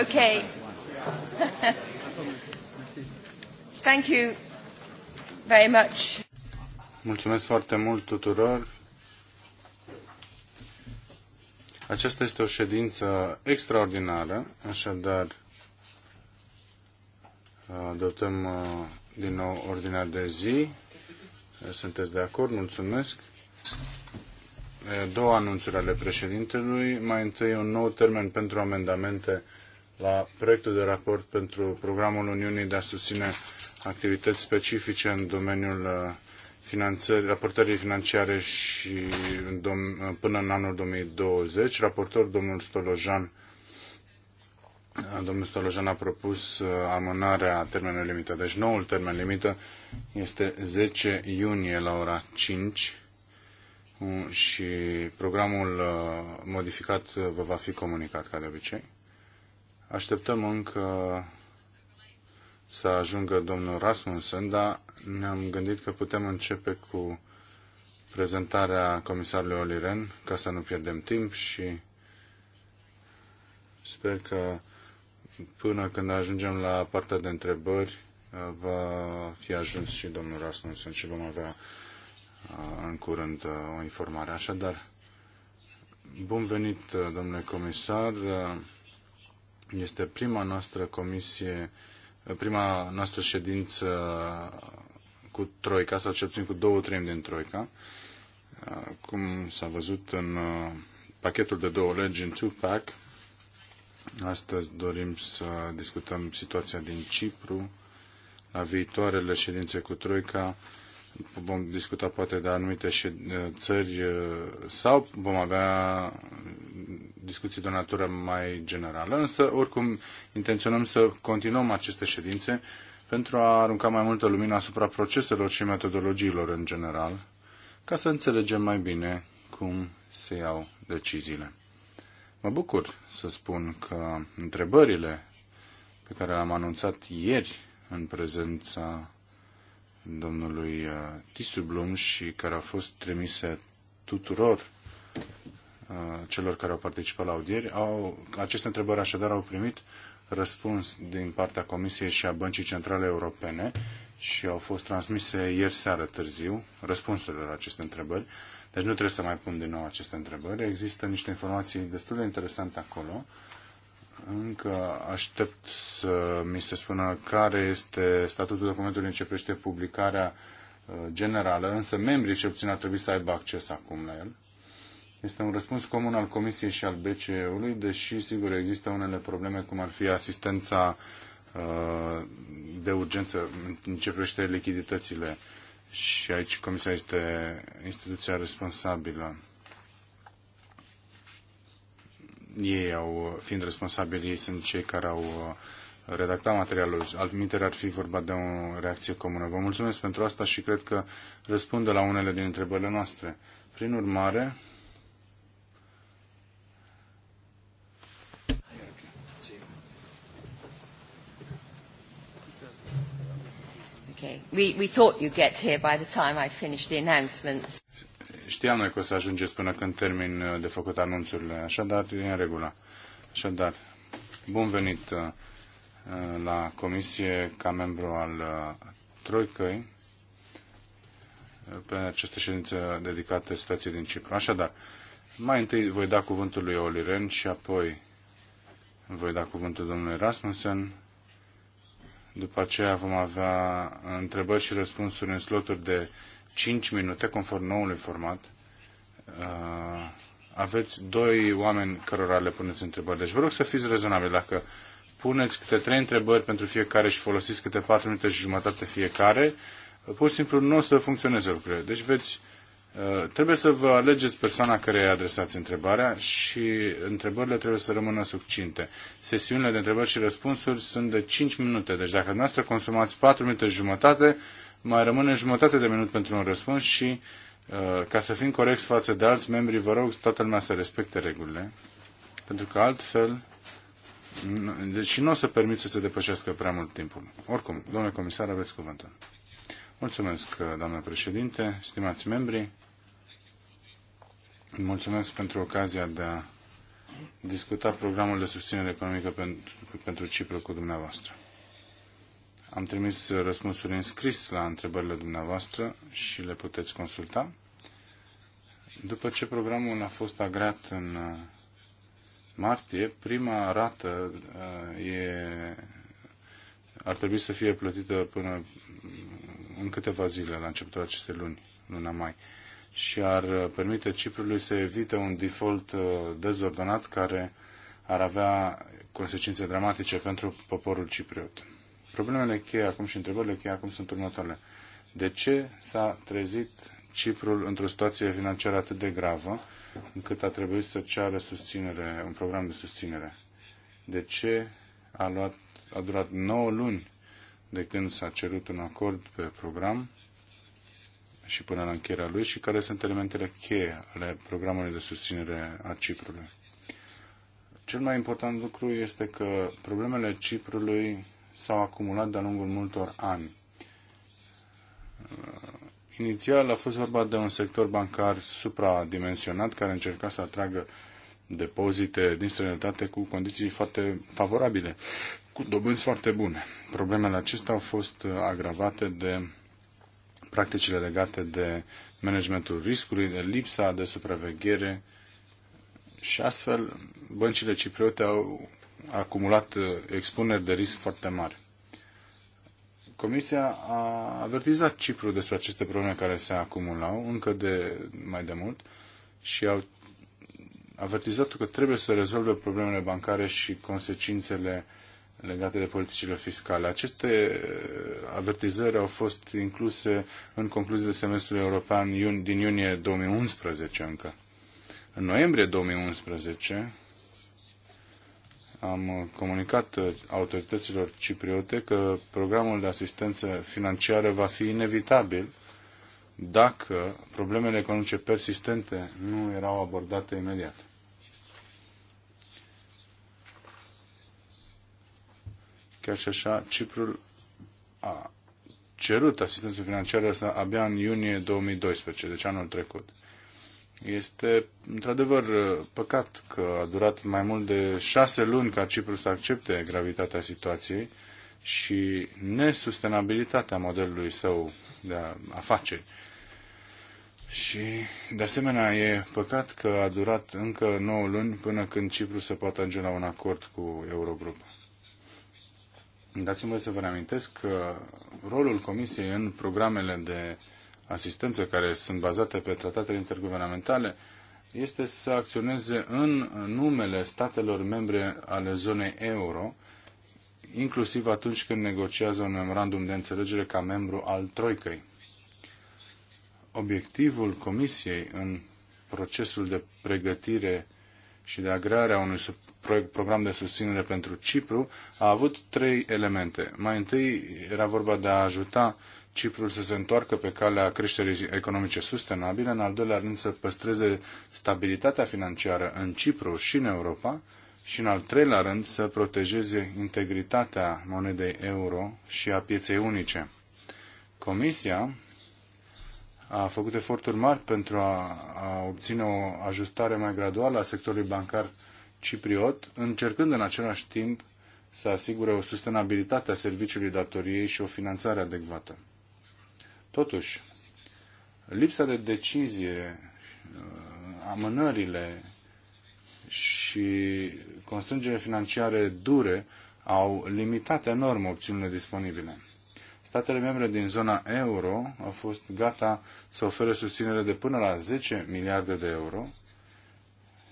Okay. Thank you very much. Mulțumesc foarte mult tuturor. Aceasta este o ședință extraordinară, așadar adoptăm uh, din nou ordinea de zi. Sunteți de acord? Mulțumesc. Uh, două anunțuri ale președintelui. Mai întâi un nou termen pentru amendamente la proiectul de raport pentru programul Uniunii de a susține activități specifice în domeniul uh, finanțării, raportării financiare și în dom- uh, până în anul 2020. Raportor domnul Stolojan uh, Domnul Stolojan a propus amânarea termenului limită. Deci noul termen limită este 10 iunie la ora 5 și programul modificat vă va fi comunicat ca de obicei. Așteptăm încă să ajungă domnul Rasmussen, dar ne-am gândit că putem începe cu prezentarea comisarului Oliren, ca să nu pierdem timp și sper că până când ajungem la partea de întrebări uh, va fi ajuns și domnul Rasmussen și vom avea uh, în curând uh, o informare. Așadar, bun venit, domnule comisar. Este prima noastră comisie, prima noastră ședință cu Troica, sau cel puțin cu două treimi din Troica. Cum s-a văzut în uh, pachetul de două legi, în two-pack, astăzi dorim să discutăm situația din Cipru. La viitoarele ședințe cu Troica vom discuta poate de anumite țări uh, sau vom avea discuții de o natură mai generală, însă oricum intenționăm să continuăm aceste ședințe pentru a arunca mai multă lumină asupra proceselor și metodologiilor în general, ca să înțelegem mai bine cum se iau deciziile. Mă bucur să spun că întrebările pe care le-am anunțat ieri în prezența domnului uh, Tisublum și care au fost trimise tuturor Uh, celor care au participat la audieri. Au, aceste întrebări așadar au primit răspuns din partea Comisiei și a Băncii Centrale Europene și au fost transmise ieri seară târziu răspunsurile la aceste întrebări. Deci nu trebuie să mai pun din nou aceste întrebări. Există niște informații destul de interesante acolo. Încă aștept să mi se spună care este statutul documentului în ce privește publicarea uh, generală, însă membrii ce obțin ar trebui să aibă acces acum la el. Este un răspuns comun al Comisiei și al BCE-ului, deși, sigur, există unele probleme, cum ar fi asistența uh, de urgență în ce privește lichiditățile și aici Comisia este instituția responsabilă. Ei au, fiind responsabili, ei sunt cei care au uh, redactat materialul. Altminteri ar fi vorba de o reacție comună. Vă mulțumesc pentru asta și cred că răspunde la unele din întrebările noastre. Prin urmare, Okay. We, we thought you'd get here by the time I'd finished the announcements. Știam noi că o să ajungeți până când termin uh, de făcut anunțurile, așadar e în regulă. Așadar, bun venit uh, uh, la comisie ca membru al Troicăi pe această ședință dedicată situației din Cipru. Așadar, mai întâi voi da cuvântul lui Oliren și apoi voi da cuvântul domnului Rasmussen după aceea vom avea întrebări și răspunsuri în sloturi de 5 minute, conform noului format. Uh, aveți doi oameni cărora le puneți întrebări. Deci vă rog să fiți rezonabili. Dacă puneți câte trei întrebări pentru fiecare și folosiți câte patru minute și jumătate fiecare, pur și simplu nu o să funcționeze lucrurile. Deci veți Uh, trebuie să vă alegeți persoana care adresați întrebarea și întrebările trebuie să rămână succinte. Sesiunile de întrebări și răspunsuri sunt de 5 minute, deci dacă dumneavoastră consumați 4 minute și jumătate, mai rămâne jumătate de minut pentru un răspuns și uh, ca să fim corecți față de alți membri, vă rog toată lumea să respecte regulile, pentru că altfel deci nu o să permit să se depășească prea mult timpul. Oricum, domnule comisar, aveți cuvântul. Mulțumesc, doamnă președinte, stimați membri. Mulțumesc pentru ocazia de a discuta programul de susținere economică pentru, pentru Cipru cu dumneavoastră. Am trimis răspunsuri în scris la întrebările dumneavoastră și le puteți consulta. După ce programul a fost agreat în uh, martie, prima rată uh, e, ar trebui să fie plătită până în câteva zile, la începutul acestei luni, luna mai, și ar uh, permite Ciprului să evite un default uh, dezordonat care ar avea consecințe dramatice pentru poporul cipriot. Problemele cheie acum și întrebările cheie acum sunt următoarele. De ce s-a trezit Ciprul într-o situație financiară atât de gravă încât a trebuit să ceară susținere, un program de susținere? De ce a, luat, a durat 9 luni de când s-a cerut un acord pe program și până la încheierea lui și care sunt elementele cheie ale programului de susținere a Ciprului. Cel mai important lucru este că problemele Ciprului s-au acumulat de-a lungul multor ani. Uh, inițial a fost vorba de un sector bancar supradimensionat care încerca să atragă depozite din străinătate cu condiții foarte favorabile cu dobânzi foarte bune. Problemele acestea au fost uh, agravate de practicile legate de managementul riscului, de lipsa de supraveghere și astfel băncile cipriote au acumulat uh, expuneri de risc foarte mari. Comisia a avertizat Cipru despre aceste probleme care se acumulau încă de mai de mult și au avertizat că trebuie să rezolve problemele bancare și consecințele legate de politicile fiscale. Aceste uh, avertizări au fost incluse în concluziile semestrului european din iunie 2011 încă. În noiembrie 2011 am comunicat uh, autorităților cipriote că programul de asistență financiară va fi inevitabil dacă problemele economice persistente nu erau abordate imediat. Chiar și așa, Ciprul a cerut asistență financiară asta abia în iunie 2012, deci anul trecut. Este într-adevăr păcat că a durat mai mult de șase luni ca Cipru să accepte gravitatea situației și nesustenabilitatea modelului său de afaceri. Și, de asemenea, e păcat că a durat încă 9 luni până când Cipru se poate ajunge la un acord cu Eurogrupa. Dați-mi să vă reamintesc că rolul Comisiei în programele de asistență care sunt bazate pe tratatele interguvernamentale este să acționeze în numele statelor membre ale zonei euro, inclusiv atunci când negociază un memorandum de înțelegere ca membru al Troicăi. Obiectivul Comisiei în procesul de pregătire și de agreare a unui program de susținere pentru Cipru a avut trei elemente. Mai întâi era vorba de a ajuta Ciprul să se întoarcă pe calea creșterii economice sustenabile, în al doilea rând să păstreze stabilitatea financiară în Cipru și în Europa și în al treilea rând să protejeze integritatea monedei euro și a pieței unice. Comisia a făcut eforturi mari pentru a, a obține o ajustare mai graduală a sectorului bancar cipriot, încercând în același timp să asigure o sustenabilitate a serviciului datoriei și o finanțare adecvată. Totuși, lipsa de decizie, uh, amânările și constrângere financiare dure au limitat enorm opțiunile disponibile. Statele membre din zona euro au fost gata să ofere susținere de până la 10 miliarde de euro,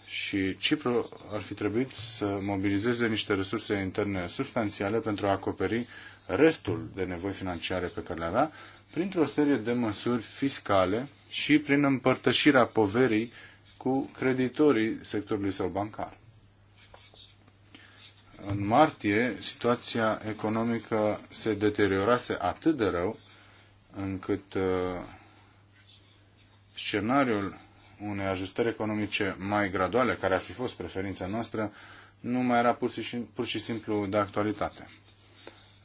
și Cipru ar fi trebuit să mobilizeze niște resurse interne substanțiale pentru a acoperi restul de nevoi financiare pe care le avea printr-o serie de măsuri fiscale și prin împărtășirea poverii cu creditorii sectorului său bancar. În martie, situația economică se deteriorase atât de rău încât uh, scenariul unei ajustări economice mai graduale, care ar fi fost preferința noastră, nu mai era pur și, pur și simplu de actualitate.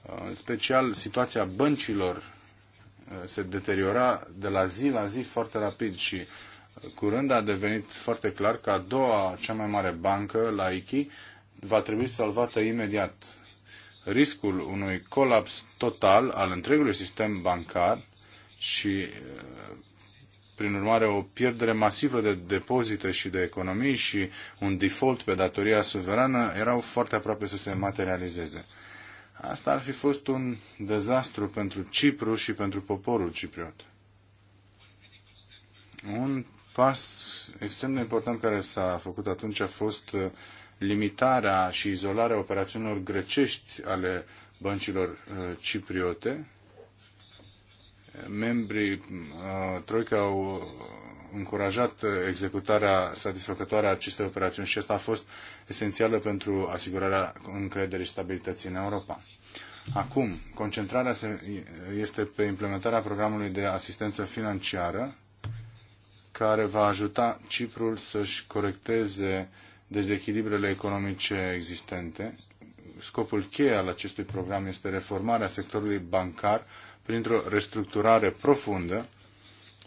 Uh, în special, situația băncilor uh, se deteriora de la zi la zi foarte rapid și uh, curând a devenit foarte clar că a doua cea mai mare bancă, la ICHI, va trebui salvată imediat. Riscul unui colaps total al întregului sistem bancar și prin urmare, o pierdere masivă de depozite și de economii și un default pe datoria suverană erau foarte aproape să se materializeze. Asta ar fi fost un dezastru pentru Cipru și pentru poporul cipriot. Un pas extrem de important care s-a făcut atunci a fost uh, limitarea și izolarea operațiunilor grecești ale băncilor uh, cipriote, membrii uh, Troica au încurajat executarea satisfăcătoare a acestei operațiuni și asta a fost esențială pentru asigurarea încrederii stabilității în Europa. Acum, concentrarea este pe implementarea programului de asistență financiară care va ajuta Ciprul să-și corecteze dezechilibrele economice existente scopul cheie al acestui program este reformarea sectorului bancar printr-o restructurare profundă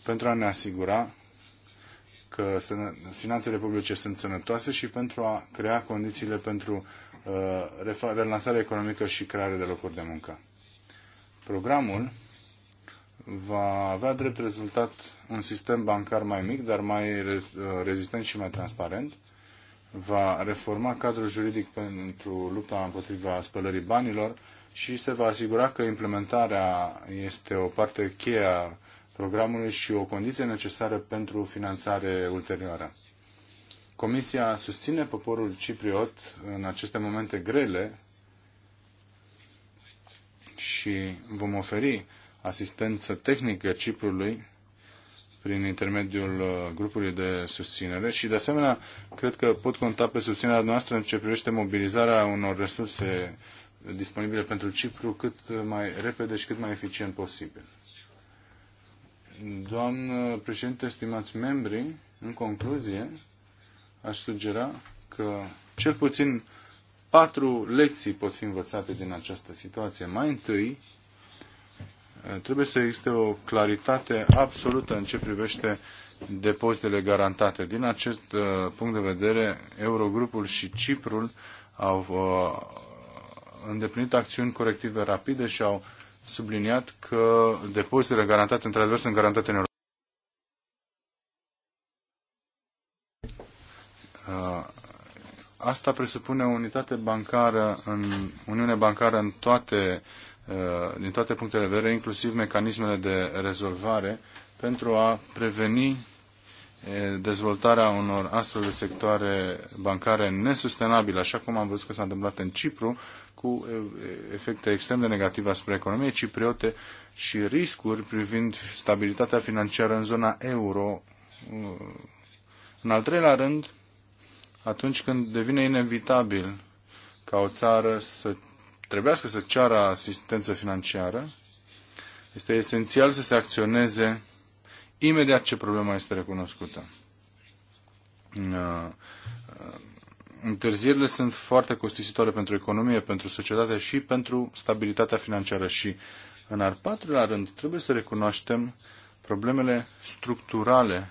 pentru a ne asigura că finanțele publice sunt sănătoase și pentru a crea condițiile pentru uh, relansare economică și creare de locuri de muncă. Programul va avea drept rezultat un sistem bancar mai mic, dar mai uh, rezistent și mai transparent, va reforma cadrul juridic pentru lupta împotriva spălării banilor și se va asigura că implementarea este o parte cheie a programului și o condiție necesară pentru finanțare ulterioară. Comisia susține poporul cipriot în aceste momente grele și vom oferi asistență tehnică Ciprului prin intermediul uh, grupului de susținere și, de asemenea, cred că pot conta pe susținerea noastră în ce privește mobilizarea unor resurse disponibile pentru Cipru cât mai repede și cât mai eficient posibil. Doamnă președinte, stimați membri, în concluzie, aș sugera că cel puțin patru lecții pot fi învățate din această situație. Mai întâi, Trebuie să existe o claritate absolută în ce privește depozitele garantate. Din acest uh, punct de vedere, Eurogrupul și Ciprul au uh, îndeplinit acțiuni corective rapide și au subliniat că depozitele garantate, într-adevăr, sunt garantate în Europa. Uh, asta presupune o unitate bancară în Uniune bancară în toate Uh, din toate punctele de vedere, inclusiv mecanismele de rezolvare, pentru a preveni uh, dezvoltarea unor astfel de sectoare bancare nesustenabile, așa cum am văzut că s-a întâmplat în Cipru, cu uh, efecte extrem de negative asupra economiei cipriote și riscuri privind stabilitatea financiară în zona euro. În al treilea rând, atunci când devine inevitabil ca o țară să trebuiască să ceară asistență financiară, este esențial să se acționeze imediat ce problema este recunoscută. Uh, uh, întârzierile sunt foarte costisitoare pentru economie, pentru societate și pentru stabilitatea financiară. Și, în al patrulea rând, trebuie să recunoaștem problemele structurale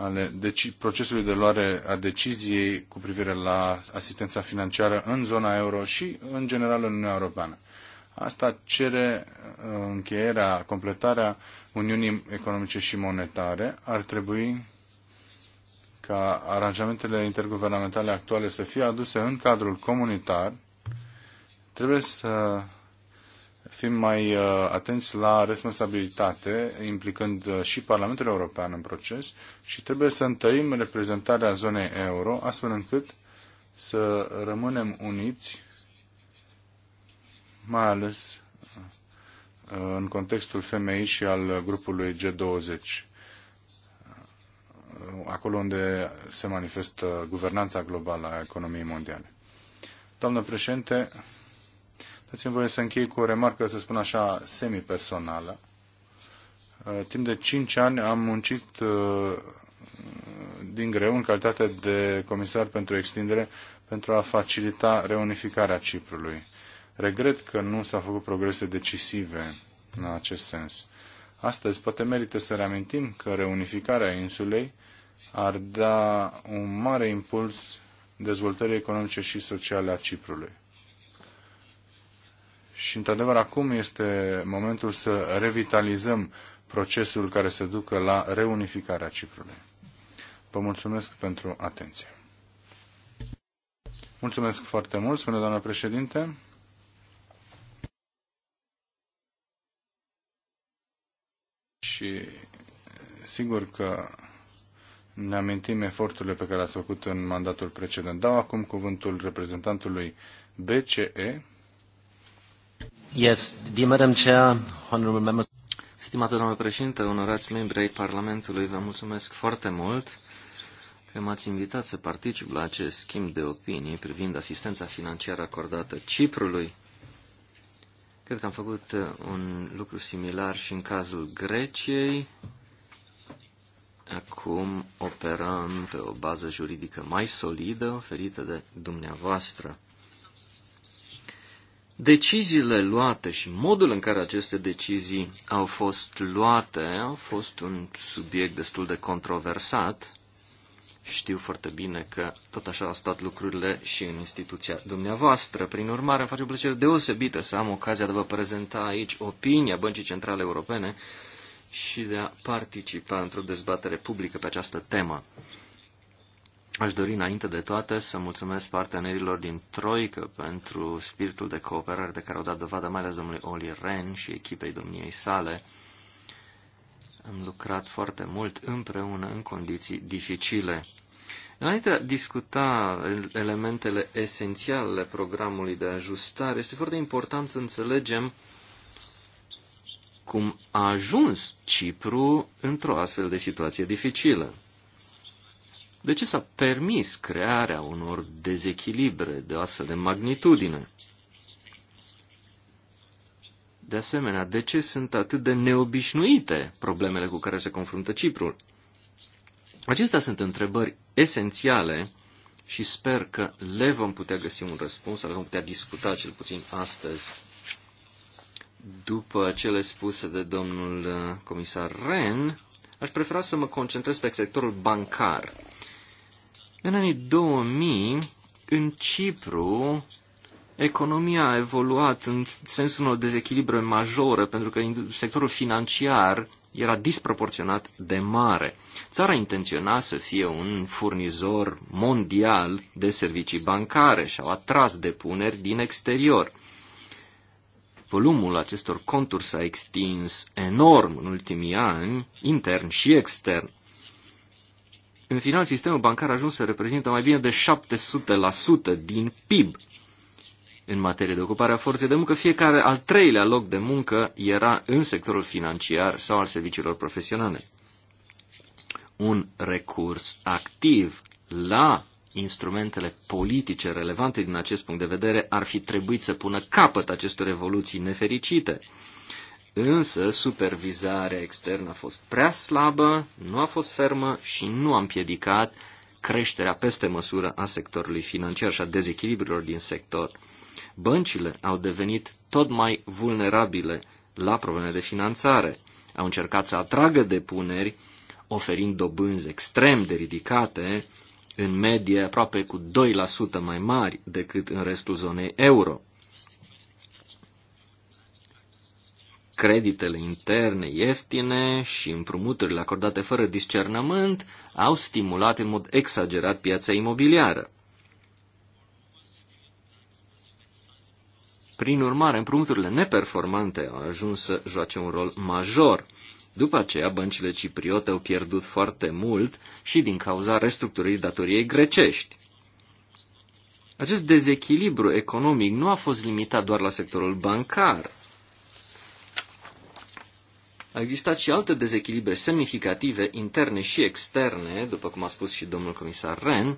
ale deci, procesului de luare a deciziei cu privire la asistența financiară în zona euro și, în general, în Uniunea Europeană. Asta cere uh, încheierea, completarea Uniunii Economice și Monetare. Ar trebui ca aranjamentele interguvernamentale actuale să fie aduse în cadrul comunitar. Trebuie să fim mai uh, atenți la responsabilitate, implicând uh, și Parlamentul European în proces și trebuie să întărim reprezentarea zonei euro, astfel încât să rămânem uniți, mai ales uh, în contextul femei și al grupului G20, acolo unde se manifestă guvernanța globală a economiei mondiale. Doamnă președinte, Dați-mi voie să închei cu o remarcă, să spun așa, semi-personală. Uh, timp de 5 ani am muncit uh, din greu în calitate de comisar pentru extindere pentru a facilita reunificarea Ciprului. Regret că nu s-au făcut progrese decisive în acest sens. Astăzi poate merită să reamintim că reunificarea insulei ar da un mare impuls dezvoltării economice și sociale a Ciprului. Și, într-adevăr, acum este momentul să revitalizăm procesul care se ducă la reunificarea Ciprului. Vă mulțumesc pentru atenție. Mulțumesc foarte mult, spune doamna președinte. Și sigur că ne amintim eforturile pe care le-ați făcut în mandatul precedent. Dau acum cuvântul reprezentantului BCE, Yes, dear Madam Chair, members. Stimată doamnă președinte, onorați membri ai Parlamentului, vă mulțumesc foarte mult că m-ați invitat să particip la acest schimb de opinii privind asistența financiară acordată Ciprului. Cred că am făcut uh, un lucru similar și în cazul Greciei. Acum operăm pe o bază juridică mai solidă oferită de dumneavoastră. Deciziile luate și modul în care aceste decizii au fost luate au fost un subiect destul de controversat. Știu foarte bine că tot așa au stat lucrurile și în instituția dumneavoastră. Prin urmare, îmi face o plăcere deosebită să am ocazia de vă prezenta aici opinia Băncii Centrale Europene și de a participa într-o dezbatere publică pe această temă. Aș dori înainte de toate să mulțumesc partenerilor din Troică pentru spiritul de cooperare de care au dat dovadă, mai ales domnului Oli Ren și echipei domniei sale. Am lucrat foarte mult împreună în condiții dificile. Înainte de a discuta elementele esențiale ale programului de ajustare, este foarte important să înțelegem cum a ajuns Cipru într-o astfel de situație dificilă. De ce s-a permis crearea unor dezechilibre de astfel de magnitudine? De asemenea, de ce sunt atât de neobișnuite problemele cu care se confruntă Ciprul? Acestea sunt întrebări esențiale și sper că le vom putea găsi un răspuns, le vom putea discuta cel puțin astăzi. După cele spuse de domnul uh, comisar Ren, aș prefera să mă concentrez pe sectorul bancar. În anii 2000, în Cipru, economia a evoluat în sensul unor dezechilibre majore, pentru că sectorul financiar era disproporționat de mare. Țara intenționa să fie un furnizor mondial de servicii bancare și au atras depuneri din exterior. Volumul acestor conturi s-a extins enorm în ultimii ani, intern și extern. În final, sistemul bancar a ajuns să reprezintă mai bine de 700% din PIB. În materie de ocupare a forței de muncă, fiecare al treilea loc de muncă era în sectorul financiar sau al serviciilor profesionale. Un recurs activ la instrumentele politice relevante din acest punct de vedere ar fi trebuit să pună capăt acestor revoluții nefericite. Însă supervizarea externă a fost prea slabă, nu a fost fermă și nu a împiedicat creșterea peste măsură a sectorului financiar și a dezechilibrilor din sector. Băncile au devenit tot mai vulnerabile la probleme de finanțare. Au încercat să atragă depuneri, oferind dobânzi extrem de ridicate, în medie aproape cu 2% mai mari decât în restul zonei euro. creditele interne ieftine și împrumuturile acordate fără discernământ au stimulat în mod exagerat piața imobiliară. Prin urmare, împrumuturile neperformante au ajuns să joace un rol major. După aceea, băncile cipriote au pierdut foarte mult și din cauza restructurării datoriei grecești. Acest dezechilibru economic nu a fost limitat doar la sectorul bancar. Au existat și alte dezechilibre semnificative interne și externe, după cum a spus și domnul comisar Ren,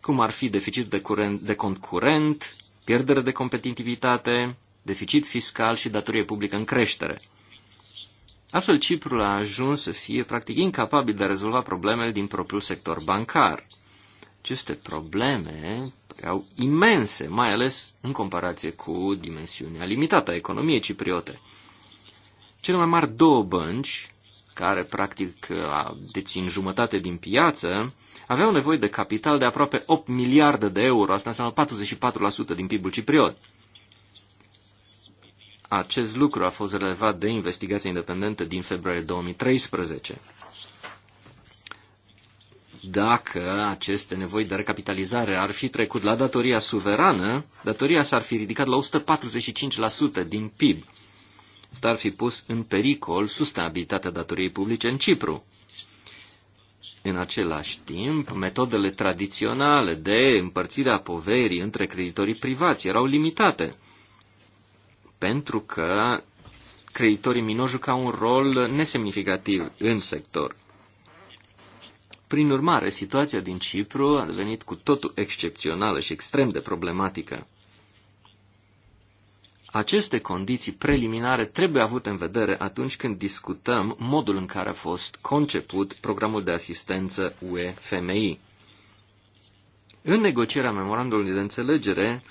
cum ar fi deficit de, curent, de cont curent, pierdere de competitivitate, deficit fiscal și datorie publică în creștere. Astfel, Ciprul a ajuns să fie practic incapabil de a rezolva problemele din propriul sector bancar. Aceste probleme erau imense, mai ales în comparație cu dimensiunea limitată a economiei cipriote. Cele mai mari două bănci, care practic dețin jumătate din piață, aveau nevoie de capital de aproape 8 miliarde de euro, asta înseamnă 44% din PIB-ul cipriot. Acest lucru a fost relevat de investigația independentă din februarie 2013. Dacă aceste nevoi de recapitalizare ar fi trecut la datoria suverană, datoria s-ar fi ridicat la 145% din PIB. Asta ar fi pus în pericol sustenabilitatea datoriei publice în Cipru. În același timp, metodele tradiționale de împărțire a poverii între creditorii privați erau limitate, pentru că creditorii minori jucau un rol nesemnificativ în sector. Prin urmare, situația din Cipru a devenit cu totul excepțională și extrem de problematică. Aceste condiții preliminare trebuie avute în vedere atunci când discutăm modul în care a fost conceput programul de asistență UE-FMI. În negocierea memorandumului de înțelegere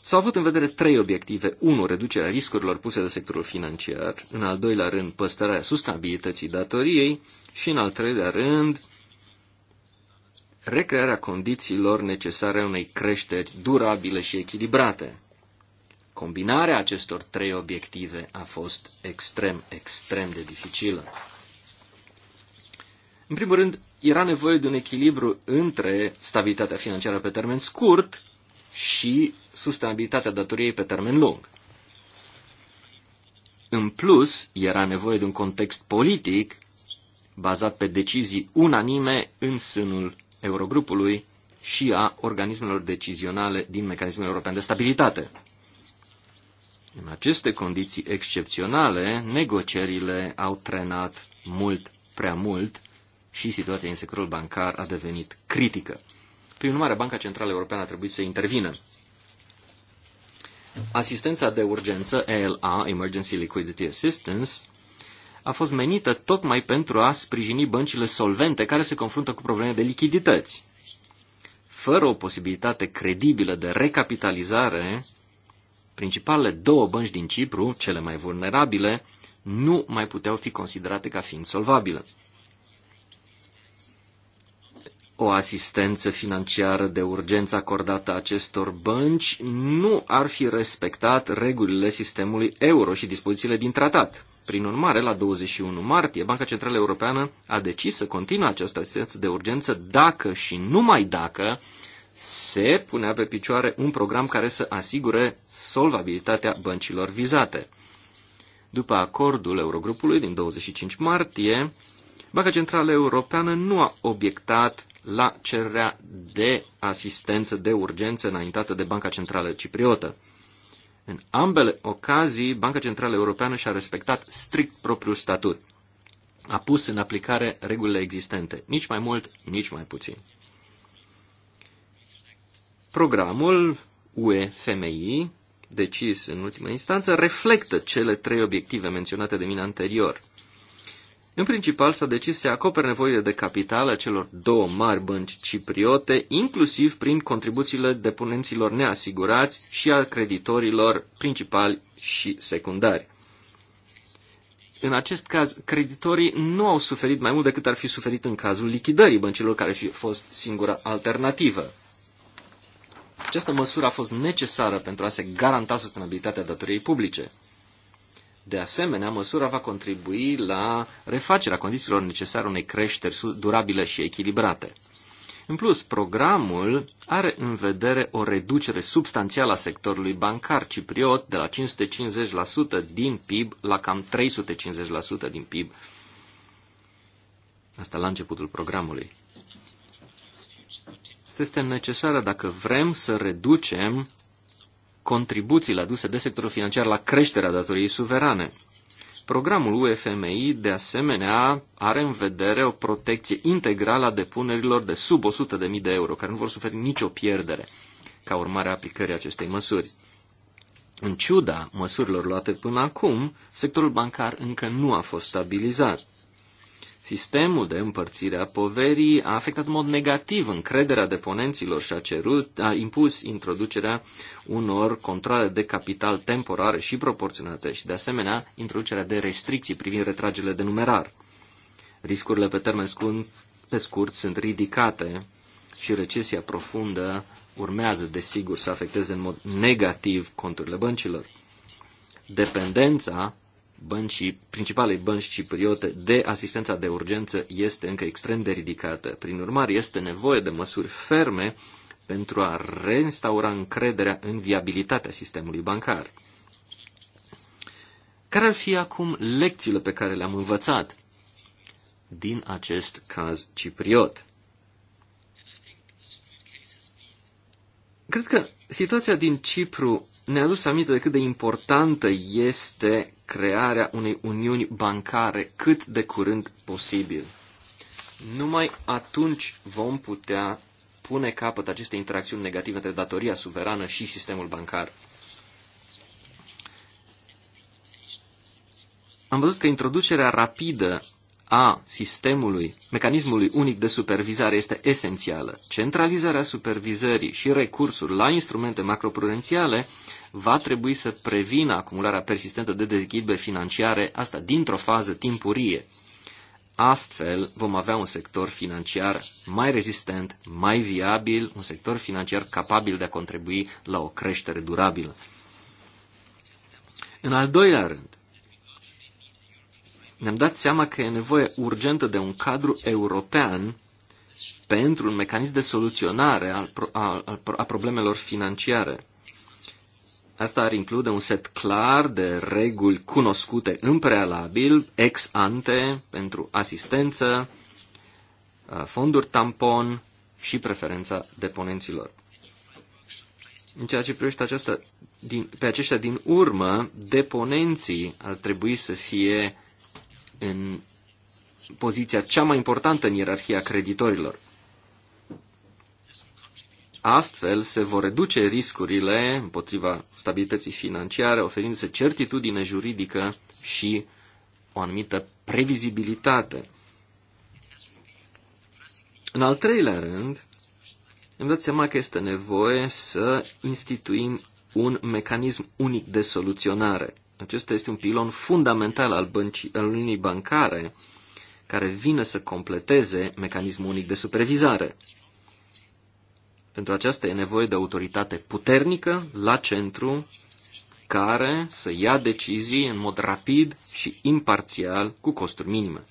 s-au avut în vedere trei obiective. 1. Reducerea riscurilor puse de sectorul financiar, în al doilea rând păstrarea sustenabilității datoriei și în al treilea rând recrearea condițiilor necesare unei creșteri durabile și echilibrate. Combinarea acestor trei obiective a fost extrem, extrem de dificilă. În primul rând, era nevoie de un echilibru între stabilitatea financiară pe termen scurt și sustenabilitatea datoriei pe termen lung. În plus, era nevoie de un context politic bazat pe decizii unanime în sânul Eurogrupului și a organismelor decizionale din mecanismul european de stabilitate. În aceste condiții excepționale, negocierile au trenat mult prea mult și situația în sectorul bancar a devenit critică. Prin urmare, Banca Centrală Europeană a trebuit să intervină. Asistența de urgență, ELA, Emergency Liquidity Assistance, a fost menită tocmai pentru a sprijini băncile solvente care se confruntă cu probleme de lichidități. Fără o posibilitate credibilă de recapitalizare, Principalele două bănci din Cipru, cele mai vulnerabile, nu mai puteau fi considerate ca fiind solvabile. O asistență financiară de urgență acordată acestor bănci nu ar fi respectat regulile sistemului euro și dispozițiile din tratat. Prin urmare, la 21 martie, Banca Centrală Europeană a decis să continue această asistență de urgență dacă și numai dacă se punea pe picioare un program care să asigure solvabilitatea băncilor vizate. După acordul Eurogrupului din 25 martie, Banca Centrală Europeană nu a obiectat la cererea de asistență de urgență înaintată de Banca Centrală Cipriotă. În ambele ocazii, Banca Centrală Europeană și-a respectat strict propriul statut. A pus în aplicare regulile existente, nici mai mult, nici mai puțin. Programul UE-FMI, decis în ultima instanță, reflectă cele trei obiective menționate de mine anterior. În principal s-a decis să acopere nevoile de capital a celor două mari bănci cipriote, inclusiv prin contribuțiile deponenților neasigurați și a creditorilor principali și secundari. În acest caz, creditorii nu au suferit mai mult decât ar fi suferit în cazul lichidării băncilor care ar fi fost singura alternativă. Această măsură a fost necesară pentru a se garanta sustenabilitatea datoriei publice. De asemenea, măsura va contribui la refacerea condițiilor necesare unei creșteri durabile și echilibrate. În plus, programul are în vedere o reducere substanțială a sectorului bancar cipriot de la 550% din PIB la cam 350% din PIB. Asta la începutul programului este necesară dacă vrem să reducem contribuțiile aduse de sectorul financiar la creșterea datoriei suverane. Programul UFMI, de asemenea, are în vedere o protecție integrală a depunerilor de sub 100.000 de euro, care nu vor suferi nicio pierdere ca urmare a aplicării acestei măsuri. În ciuda măsurilor luate până acum, sectorul bancar încă nu a fost stabilizat. Sistemul de împărțire a poverii a afectat în mod negativ încrederea deponenților și a, cerut, a impus introducerea unor controle de capital temporare și proporționate și, de asemenea, introducerea de restricții privind retragerile de numerar. Riscurile pe termen scurt, pe scurt sunt ridicate și recesia profundă urmează, desigur, să afecteze în mod negativ conturile băncilor. Dependența băncii, principalei bănci cipriote de asistența de urgență este încă extrem de ridicată. Prin urmare, este nevoie de măsuri ferme pentru a reinstaura încrederea în viabilitatea sistemului bancar. Care ar fi acum lecțiile pe care le-am învățat din acest caz cipriot? Cred că situația din Cipru ne-a adus aminte de cât de importantă este crearea unei uniuni bancare cât de curând posibil. Numai atunci vom putea pune capăt aceste interacțiuni negative între datoria suverană și sistemul bancar. Am văzut că introducerea rapidă a sistemului, mecanismului unic de supervizare este esențială. Centralizarea supervizării și recursul la instrumente macroprudențiale va trebui să prevină acumularea persistentă de dezechilibre financiare, asta dintr-o fază timpurie. Astfel vom avea un sector financiar mai rezistent, mai viabil, un sector financiar capabil de a contribui la o creștere durabilă. În al doilea rând, ne-am dat seama că e nevoie urgentă de un cadru european pentru un mecanism de soluționare al, a, a problemelor financiare. Asta ar include un set clar de reguli cunoscute în prealabil, ex ante, pentru asistență, fonduri tampon și preferența deponenților. În ceea ce privește aceasta, din, pe aceștia din urmă, deponenții ar trebui să fie în poziția cea mai importantă în ierarhia creditorilor. Astfel se vor reduce riscurile împotriva stabilității financiare, oferindu-se certitudine juridică și o anumită previzibilitate. În al treilea rând, îmi dați seama că este nevoie să instituim un mecanism unic de soluționare. Acesta este un pilon fundamental al, bănci, al unii Bancare, care vine să completeze mecanismul unic de supervizare. Pentru aceasta e nevoie de autoritate puternică la centru, care să ia decizii în mod rapid și imparțial cu costuri minime.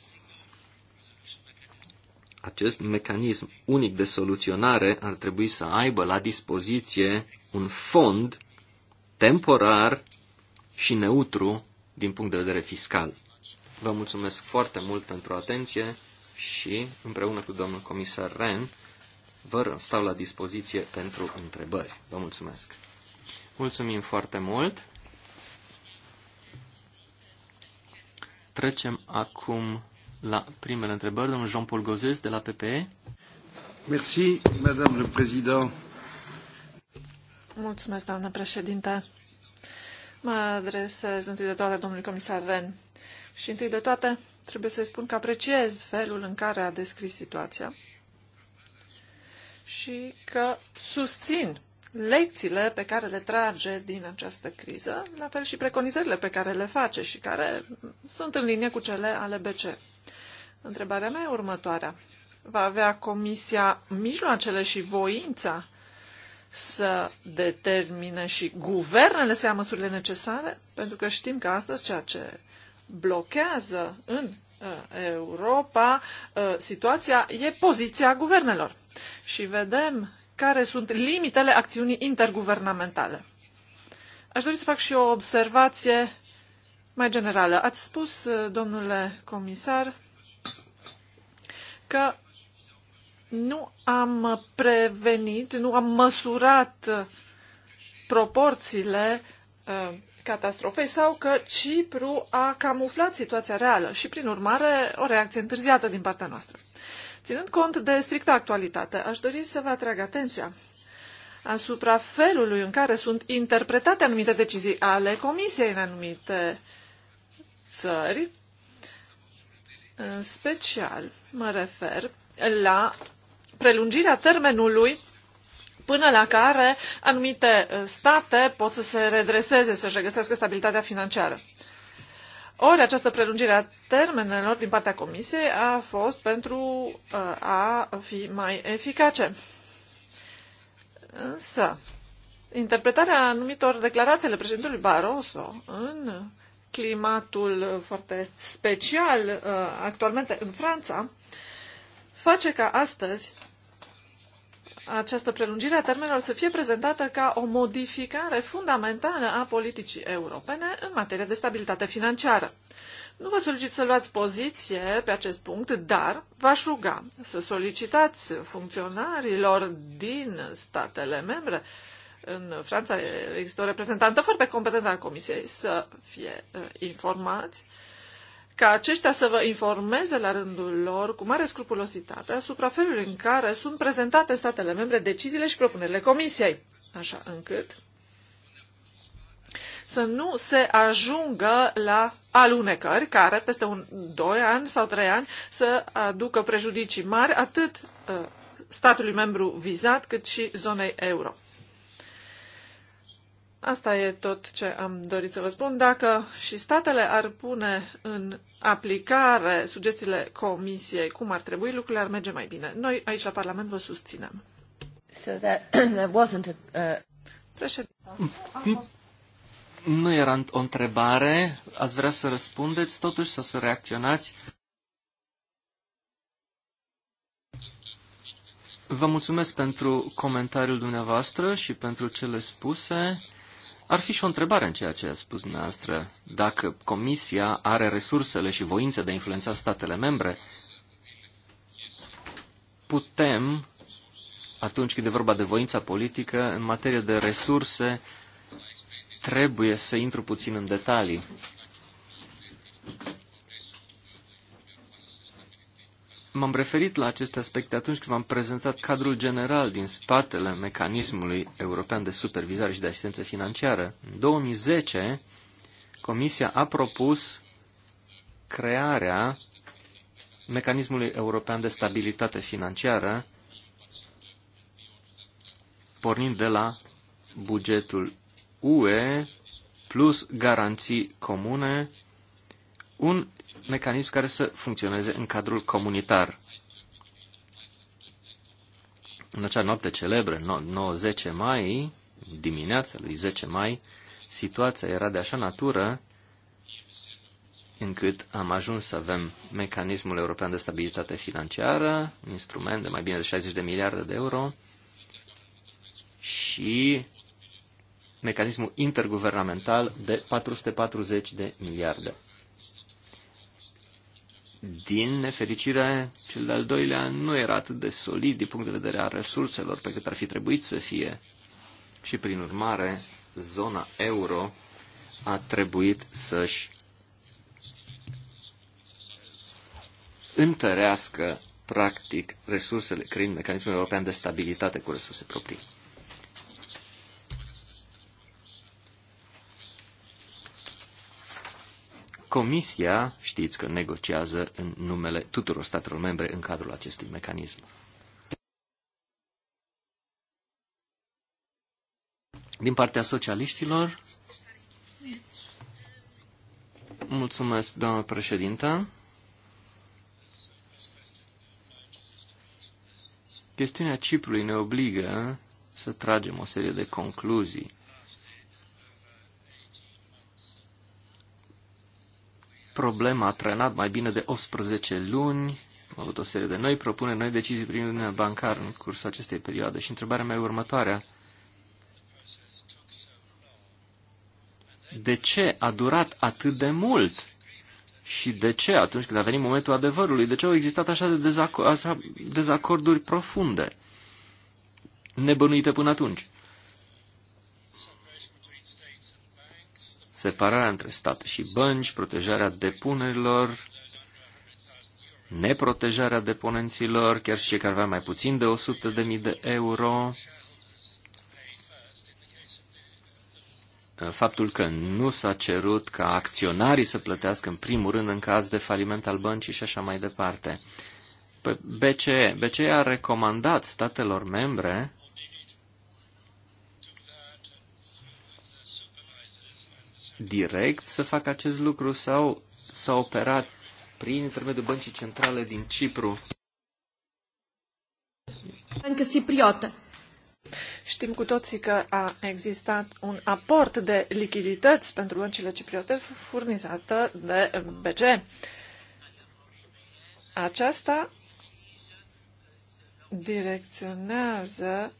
Acest mecanism unic de soluționare ar trebui să aibă la dispoziție un fond temporar și neutru din punct de vedere fiscal. Vă mulțumesc foarte mult pentru atenție și, împreună cu domnul comisar Ren, vă stau la dispoziție pentru întrebări. Vă mulțumesc! Mulțumim foarte mult! Trecem acum la primele întrebări. Domnul Jean-Paul Gozes de la PPE. Merci, Madame le Président. Mulțumesc, doamnă președinte. Mă adresez întâi de toate domnului comisar Ren și întâi de toate trebuie să-i spun că apreciez felul în care a descris situația și că susțin lecțiile pe care le trage din această criză, la fel și preconizările pe care le face și care sunt în linie cu cele ale BC. Întrebarea mea e următoarea. Va avea Comisia mijloacele și voința să determine și guvernele să ia măsurile necesare, pentru că știm că astăzi ceea ce blochează în uh, Europa uh, situația e poziția guvernelor. Și vedem care sunt limitele acțiunii interguvernamentale. Aș dori să fac și o observație mai generală. Ați spus, uh, domnule comisar, că nu am prevenit, nu am măsurat proporțiile uh, catastrofei sau că Cipru a camuflat situația reală și, prin urmare, o reacție întârziată din partea noastră. Ținând cont de strictă actualitate, aș dori să vă atrag atenția asupra felului în care sunt interpretate anumite decizii ale Comisiei în anumite țări. În special, mă refer la prelungirea termenului până la care anumite uh, state pot să se redreseze, să-și regăsească stabilitatea financiară. Ori această prelungire a termenelor din partea Comisiei a fost pentru uh, a fi mai eficace. Însă, interpretarea anumitor declarații ale președintelui Barroso în climatul foarte special uh, actualmente în Franța face ca astăzi această prelungire a termenelor să fie prezentată ca o modificare fundamentală a politicii europene în materie de stabilitate financiară. Nu vă solicit să luați poziție pe acest punct, dar v-aș ruga să solicitați funcționarilor din statele membre în Franța există o reprezentantă foarte competentă a Comisiei să fie eh, informați uh, ca aceștia să vă informeze la rândul lor cu mare scrupulositate asupra felului în care sunt prezentate statele membre deciziile și propunerile Comisiei, așa încât să nu se ajungă la alunecări care peste un, 2 ani sau 3 ani să aducă prejudicii mari atât uh, statului membru vizat cât și zonei euro. Asta e tot ce am dorit să vă spun. Dacă și statele ar pune în aplicare sugestiile comisiei cum ar trebui, lucrurile ar merge mai bine. Noi aici la Parlament vă susținem. So that, that wasn't a, uh... Nu era o întrebare. Ați vrea să răspundeți totuși sau să reacționați? Vă mulțumesc pentru comentariul dumneavoastră și pentru cele spuse. Ar fi și o întrebare în ceea ce a spus dumneavoastră. Dacă Comisia are resursele și voința de a influența statele membre, putem, atunci când e vorba de voința politică, în materie de resurse, trebuie să intru puțin în detalii. M-am referit la acest aspect, atunci când v-am prezentat cadrul general din spatele mecanismului european de supervizare și de asistență financiară. În 2010, Comisia a propus crearea mecanismului european de stabilitate financiară, pornind de la bugetul UE plus garanții comune, un mecanism care să funcționeze în cadrul comunitar. În acea noapte celebră, 9-10 mai, dimineața lui 10 mai, situația era de așa natură încât am ajuns să avem mecanismul european de stabilitate financiară, un instrument de mai bine de 60 de miliarde de euro și mecanismul interguvernamental de 440 de miliarde. Din nefericire, cel de-al doilea nu era atât de solid din punct de vedere a resurselor pe cât ar fi trebuit să fie și, prin urmare, zona euro a trebuit să-și întărească, practic, resursele, creând mecanismul european de stabilitate cu resurse proprii. Comisia știți că negociază în numele tuturor statelor membre în cadrul acestui mecanism. Din partea socialiștilor, mulțumesc, doamnă președintă. Chestiunea Ciprului ne obligă să tragem o serie de concluzii Problema a trenat mai bine de 18 luni, am avut o serie de noi propuneri, noi decizii prin Uniunea Bancară în cursul acestei perioade. Și întrebarea mea e următoarea. De ce a durat atât de mult? Și de ce, atunci când a venit momentul adevărului, de ce au existat așa de așa dezacorduri profunde, nebănuite până atunci? separarea între stat și bănci, protejarea depunerilor, neprotejarea deponenților, chiar și cei care aveau mai puțin de 100.000 de euro, faptul că nu s-a cerut ca acționarii să plătească în primul rând în caz de faliment al băncii și așa mai departe. BCE. BCE a recomandat statelor membre direct să facă acest lucru sau s-a operat prin intermediul băncii centrale din Cipru. Banca cipriotă. Știm cu toții că a existat un aport de lichidități pentru băncile cipriote furnizată de BC. Aceasta direcționează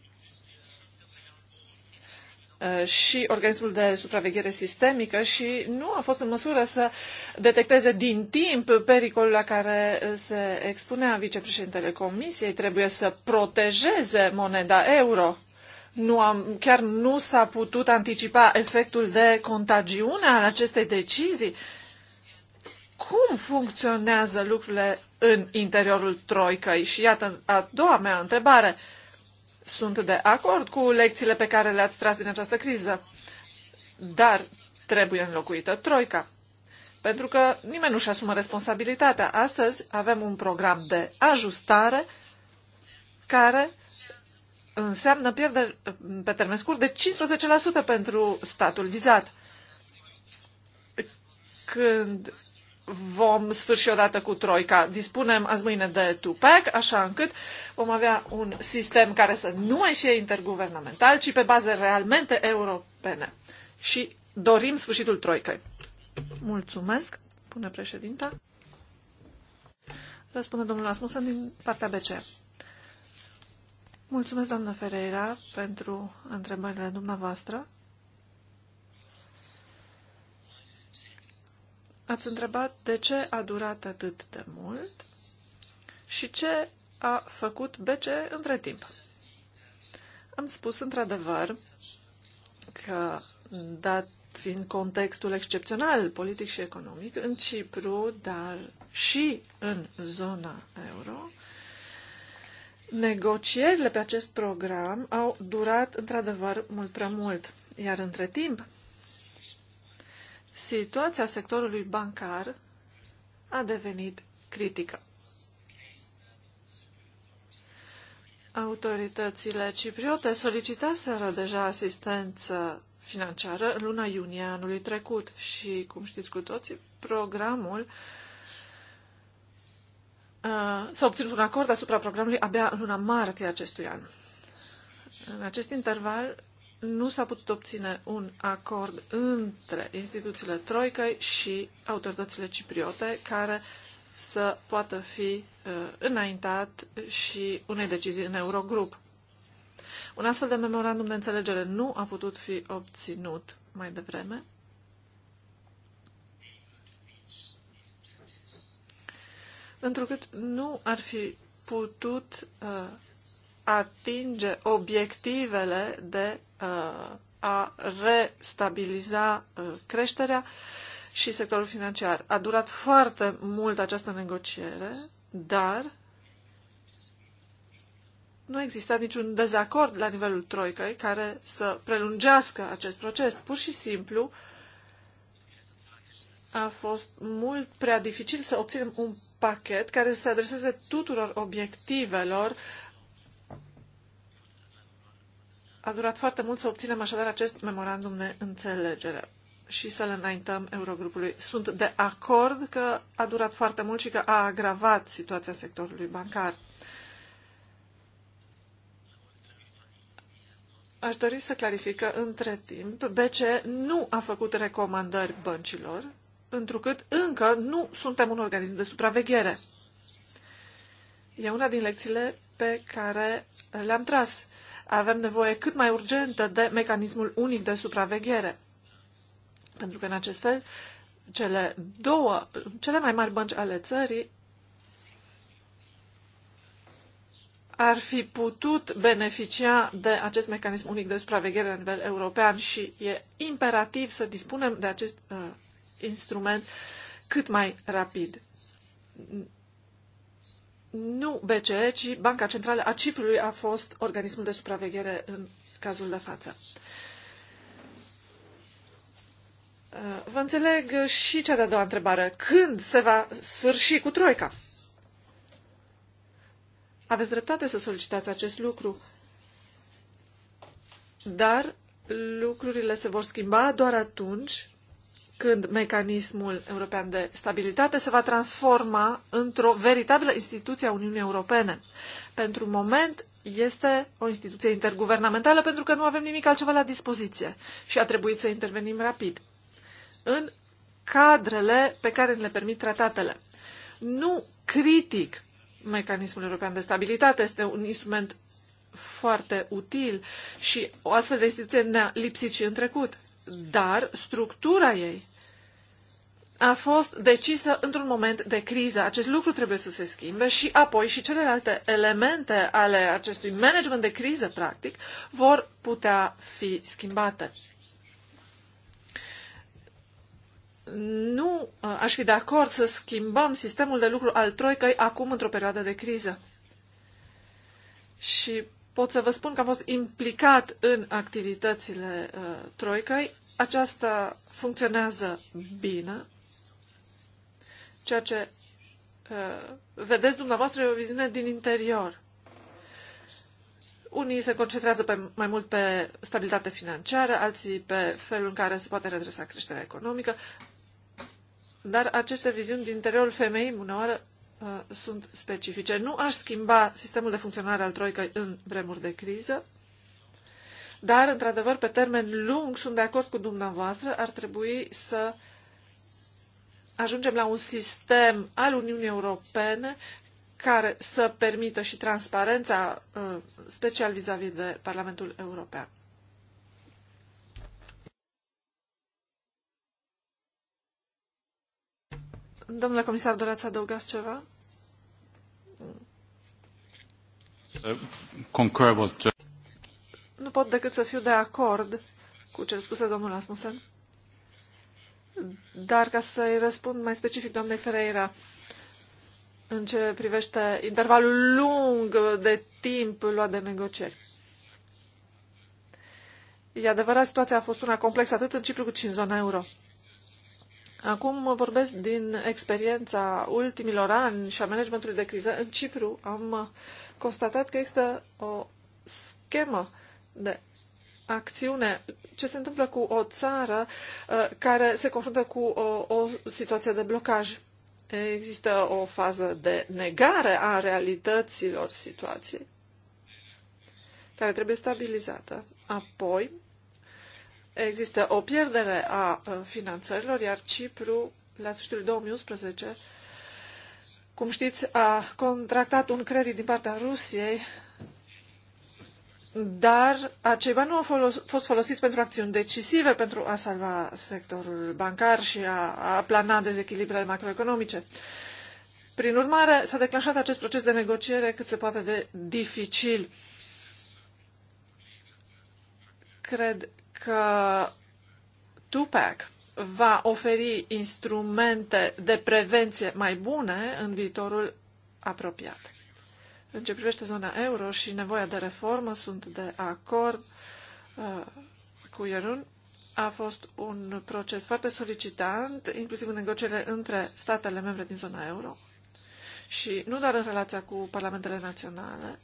Uh, și organismul de supraveghere sistemică și nu a fost în măsură să detecteze din timp pericolul la care uh, se expunea vicepreședintele Comisiei. Trebuie să protejeze moneda euro. Nu am, chiar nu s-a putut anticipa efectul de contagiune al acestei decizii. Cum funcționează lucrurile în interiorul troicăi? Și iată a doua mea întrebare. Uh, sunt de acord cu lecțiile pe care le-ați tras din această criză, dar trebuie înlocuită troica, pentru că nimeni nu-și asumă responsabilitatea. Astăzi avem un program de ajustare care înseamnă pierderi pe termen scurt de 15% pentru statul vizat. Când vom sfârși odată cu Troica. Dispunem azi mâine de TUPEC, așa încât vom avea un sistem care să nu mai fie interguvernamental, ci pe baze realmente europene. Și dorim sfârșitul Troicăi. Mulțumesc, pune președinta. Răspunde domnul Asmussen din partea BC. Mulțumesc, doamnă Ferreira, pentru întrebările dumneavoastră. ați întrebat de ce a durat atât de mult și ce a făcut BC între timp. Am spus într-adevăr că, dat fiind contextul excepțional politic și economic, în Cipru, dar și în zona euro, negocierile pe acest program au durat într-adevăr mult prea mult. Iar între timp, situația sectorului bancar a devenit critică. Autoritățile cipriote solicitaseră deja asistență financiară în luna iunie anului trecut și, cum știți cu toții, programul uh, s-a obținut un acord asupra programului abia în luna martie acestui an. În acest interval, nu s-a putut obține un acord între instituțiile Troicăi și autoritățile cipriote care să poată fi uh, înaintat și unei decizii în Eurogrup. Un astfel de memorandum de înțelegere nu a putut fi obținut mai devreme. Întrucât nu ar fi putut uh, atinge obiectivele de uh, a restabiliza uh, creșterea și sectorul financiar. A durat foarte mult această negociere, dar nu exista niciun dezacord la nivelul troicăi care să prelungească acest proces. Pur și simplu a fost mult prea dificil să obținem un pachet care să se adreseze tuturor obiectivelor a durat foarte mult să obținem așadar acest memorandum de înțelegere și să le înaintăm Eurogrupului. Sunt de acord că a durat foarte mult și că a agravat situația sectorului bancar. Aș dori să clarific că între timp BCE nu a făcut recomandări băncilor, întrucât încă nu suntem un organism de supraveghere. E una din lecțiile pe care le-am tras. Avem nevoie cât mai urgentă de mecanismul unic de supraveghere. Pentru că în acest fel, cele două, cele mai mari bănci ale țării ar fi putut beneficia de acest mecanism unic de supraveghere la nivel european și e imperativ să dispunem de acest uh, instrument cât mai rapid nu BCE, ci Banca Centrală a Ciprului a fost organismul de supraveghere în cazul de față. Uh, vă înțeleg și cea de-a doua întrebare. Când se va sfârși cu Troica? Aveți dreptate să solicitați acest lucru. Dar lucrurile se vor schimba doar atunci când mecanismul european de stabilitate se va transforma într-o veritabilă instituție a Uniunii Europene. Pentru moment este o instituție interguvernamentală pentru că nu avem nimic altceva la dispoziție și a trebuit să intervenim rapid în cadrele pe care le permit tratatele. Nu critic mecanismul european de stabilitate, este un instrument foarte util și o astfel de instituție ne-a lipsit și în trecut dar structura ei a fost decisă într-un moment de criză. Acest lucru trebuie să se schimbe și apoi și celelalte elemente ale acestui management de criză, practic, vor putea fi schimbate. Nu uh, aș fi de acord să schimbăm sistemul de lucru al troicăi acum într-o perioadă de criză. Și pot să vă spun că am fost implicat în activitățile uh, Troicăi. Aceasta funcționează bine. Ceea ce uh, vedeți dumneavoastră e o viziune din interior. Unii se concentrează pe, mai mult pe stabilitate financiară, alții pe felul în care se poate redresa creșterea economică, dar aceste viziuni din interiorul femeii uneoară Uh, sunt specifice. Nu aș schimba sistemul de funcționare al Troicăi în vremuri de criză, dar, într-adevăr, pe termen lung, sunt de acord cu dumneavoastră, ar trebui să ajungem la un sistem al Uniunii Europene care să permită și transparența, uh, special vis-a-vis -vis de Parlamentul European. Domnule comisar, doreați să adăugați ceva? Uh, uh, nu pot decât să fiu de acord cu ce spuse domnul Asmussen. Dar ca să-i răspund mai specific doamnei Ferreira, în ce privește intervalul lung de timp luat de negocieri. E adevărat, situația a fost una complexă atât în Cipru cât și în zona euro. Acum vorbesc din experiența ultimilor ani și a managementului de criză. În Cipru am uh, constatat că există o schemă de acțiune. Ce se întâmplă cu o țară uh, care se confruntă cu o, uh, o situație de blocaj? Există o fază de negare a realităților situației care trebuie stabilizată. Apoi, Există o pierdere a uh, finanțărilor, iar Cipru, la sfârșitul 2011, cum știți, a contractat un credit din partea Rusiei, dar acei bani nu au fost folosiți pentru acțiuni decisive pentru a salva sectorul bancar și a, a plana dezechilibrele macroeconomice. Prin urmare, s-a declanșat acest proces de negociere cât se poate de dificil. Cred că Tupac va oferi instrumente de prevenție mai bune în viitorul apropiat. În ce privește zona euro și nevoia de reformă, sunt de acord uh, cu Ierun. A fost un proces foarte solicitant, inclusiv în negocierile între statele membre din zona euro și nu doar în relația cu parlamentele naționale,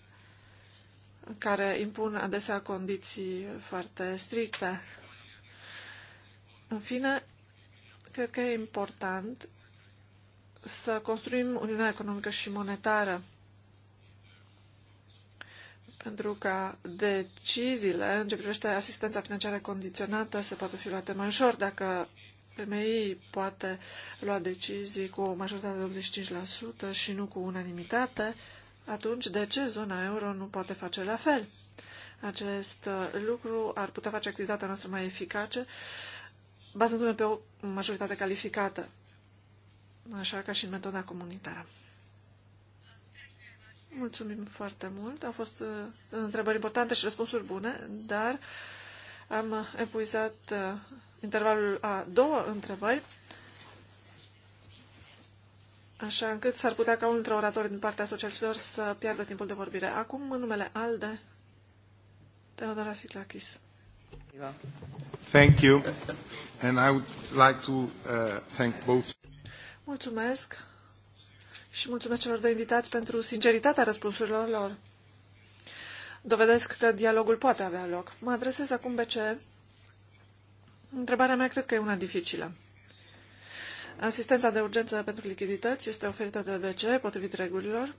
care impun adesea condiții foarte stricte. În fine, cred că e important să construim Uniunea Economică și Monetară pentru ca deciziile în ce privește asistența financiară condiționată se poată fi luate mai ușor dacă PMI poate lua decizii cu o majoritate de 85% și nu cu unanimitate atunci de ce zona euro nu poate face la fel? Acest uh, lucru ar putea face activitatea noastră mai eficace, bazându-ne pe o majoritate calificată, așa ca și în metoda comunitară. Mulțumim foarte mult. Au fost uh, întrebări importante și răspunsuri bune, dar am epuizat uh, intervalul a două întrebări așa încât s-ar putea ca unul dintre oratorii din partea socialiștilor să piardă timpul de vorbire. Acum, în numele ALDE, Teodora Siclachis. Thank you. And I would like to uh, thank both. Mulțumesc și mulțumesc celor doi invitați pentru sinceritatea răspunsurilor lor. Dovedesc că dialogul poate avea loc. Mă adresez acum BCE. Întrebarea mea cred că e una dificilă. Asistența de urgență pentru lichidități este oferită de BCE potrivit regulilor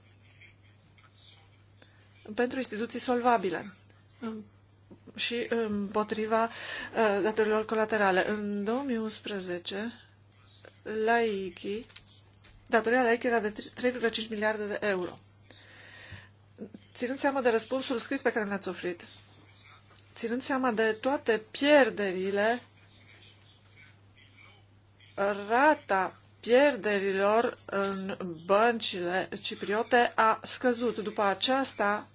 pentru instituții solvabile și împotriva uh, datorilor colaterale. În 2011, Laiki, datoria Laiki era de 3,5 miliarde de euro. Ținând seama de răspunsul scris pe care l ați oferit, ținând seama de toate pierderile rata pierderilor în băncile cipriote a scăzut. După aceasta,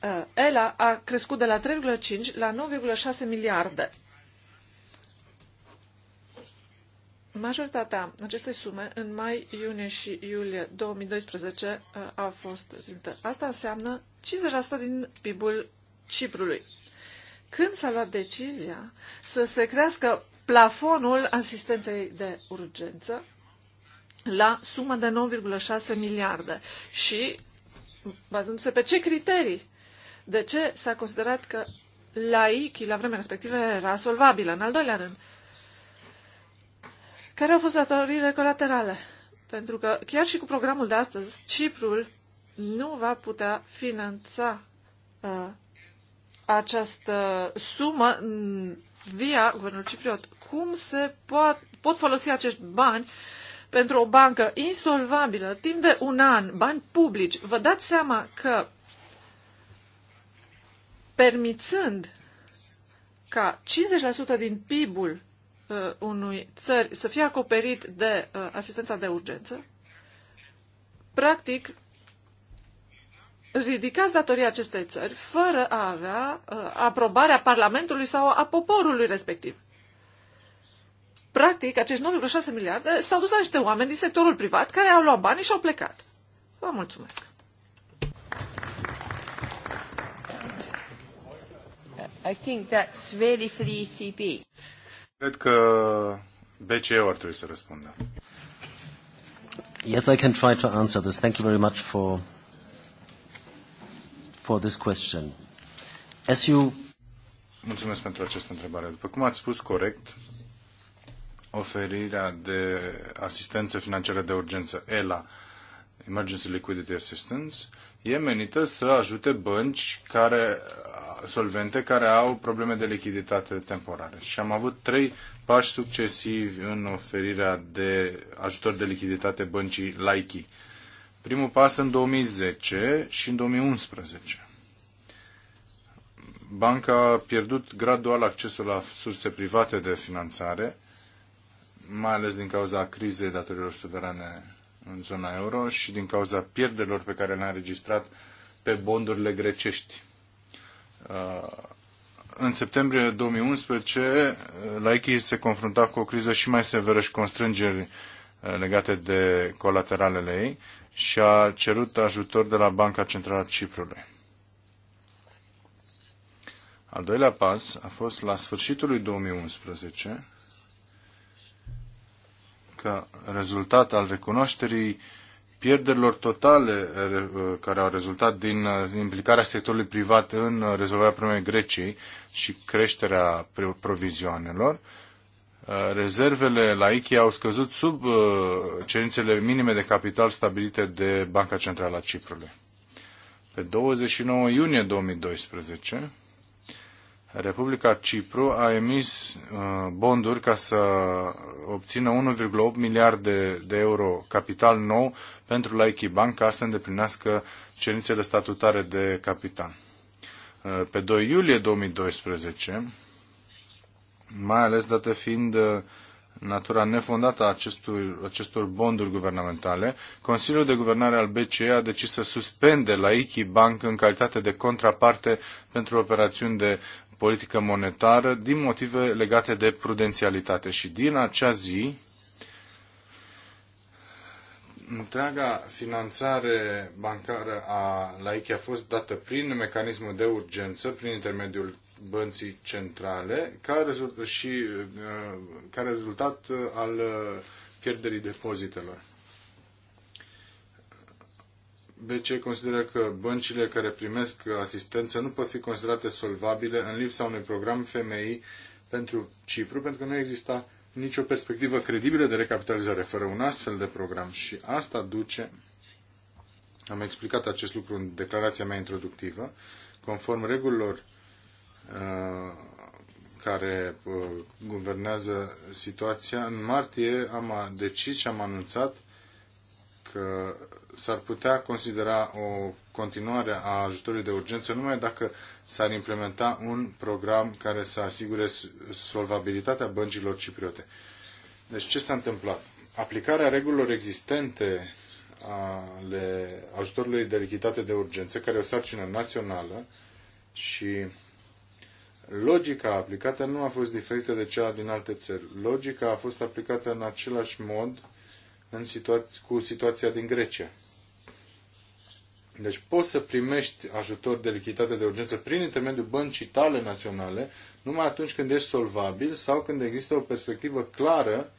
eh, ELA a crescut de la 3,5 la 9,6 miliarde. Majoritatea acestei sume în mai, iunie și iulie 2012 eh, a fost trimită. Asta înseamnă 50% din PIB-ul Ciprului. Când s-a luat decizia să se crească plafonul asistenței de urgență la suma de 9,6 miliarde. Și, bazându-se pe ce criterii? De ce s-a considerat că laichii la vremea respectivă era solvabilă? În al doilea rând, care au fost datoriile colaterale? Pentru că chiar și cu programul de astăzi, Ciprul nu va putea finanța uh, această sumă via guvernul cipriot. Cum se pot, pot folosi acești bani pentru o bancă insolvabilă timp de un an, bani publici? Vă dați seama că permițând ca 50% din PIB-ul uh, unui țări să fie acoperit de uh, asistența de urgență, practic ridicați datoria acestei țări fără a avea uh, aprobarea Parlamentului sau a poporului respectiv. Practic, acești 9,6 miliarde s-au dus la niște oameni din sectorul privat care au luat banii și au plecat. Vă mulțumesc! I think that's really for the ECB. Cred că BCE ar trebui să răspundă. Yes, I can try to answer this. Thank you very much for for this question. As you... Mulțumesc pentru această întrebare. După cum ați spus corect, oferirea de asistență financiară de urgență, ELA, Emergency Liquidity Assistance, e menită să ajute bănci care, solvente care au probleme de lichiditate temporare. Și am avut trei pași succesivi în oferirea de ajutor de lichiditate băncii Laichi. Like primul pas în 2010 și în 2011. Banca a pierdut gradual accesul la surse private de finanțare, mai ales din cauza crizei datorilor suverane în zona euro și din cauza pierderilor pe care le-a înregistrat pe bondurile grecești. Uh, în septembrie 2011, uh, Laiki se confrunta cu o criză și mai severă și constrângeri Eh, legate de colateralele ei și a cerut ajutor de la Banca Centrală a Ciprului. Al doilea pas a fost la sfârșitul lui 2011, ca rezultat al recunoașterii pierderilor totale eh, care au rezultat din eh, implicarea sectorului privat în rezolvarea problemei Greciei și creșterea provizioanelor, Uh, rezervele la ICHI au scăzut sub uh, cerințele minime de capital stabilite de Banca Centrală a Ciprului. Pe 29 iunie 2012, Republica Cipru a emis uh, bonduri ca să obțină 1,8 miliarde de euro capital nou pentru ICHI Bank ca să îndeplinească cerințele statutare de capital. Pe 2 iulie 2012, mai ales dată fiind uh, natura nefondată a acestor, acestor bonduri guvernamentale, Consiliul de Guvernare al BCE a decis să suspende la ICI Bank în calitate de contraparte pentru operațiuni de politică monetară din motive legate de prudențialitate. Și din acea zi, întreaga finanțare bancară a Laichi a fost dată prin mecanismul de urgență, prin intermediul bănții centrale ca rezult- și uh, ca rezultat uh, al uh, pierderii depozitelor. BC consideră că băncile care primesc asistență nu pot fi considerate solvabile în lipsa unui program FMI pentru Cipru, pentru că nu exista nicio perspectivă credibilă de recapitalizare fără un astfel de program. Și asta duce, am explicat acest lucru în declarația mea introductivă, conform regulilor Uh, care uh, guvernează situația, în martie am decis și am anunțat că s-ar putea considera o continuare a ajutorului de urgență numai dacă s-ar implementa un program care să asigure solvabilitatea băncilor cipriote. Deci ce s-a întâmplat? Aplicarea regulilor existente ale ajutorului de lichitate de urgență, care e o sarcină națională și logica aplicată nu a fost diferită de cea din alte țări. Logica a fost aplicată în același mod în situa- cu situația din Grecia. Deci poți să primești ajutor de lichiditate de urgență prin intermediul băncii tale naționale numai atunci când ești solvabil sau când există o perspectivă clară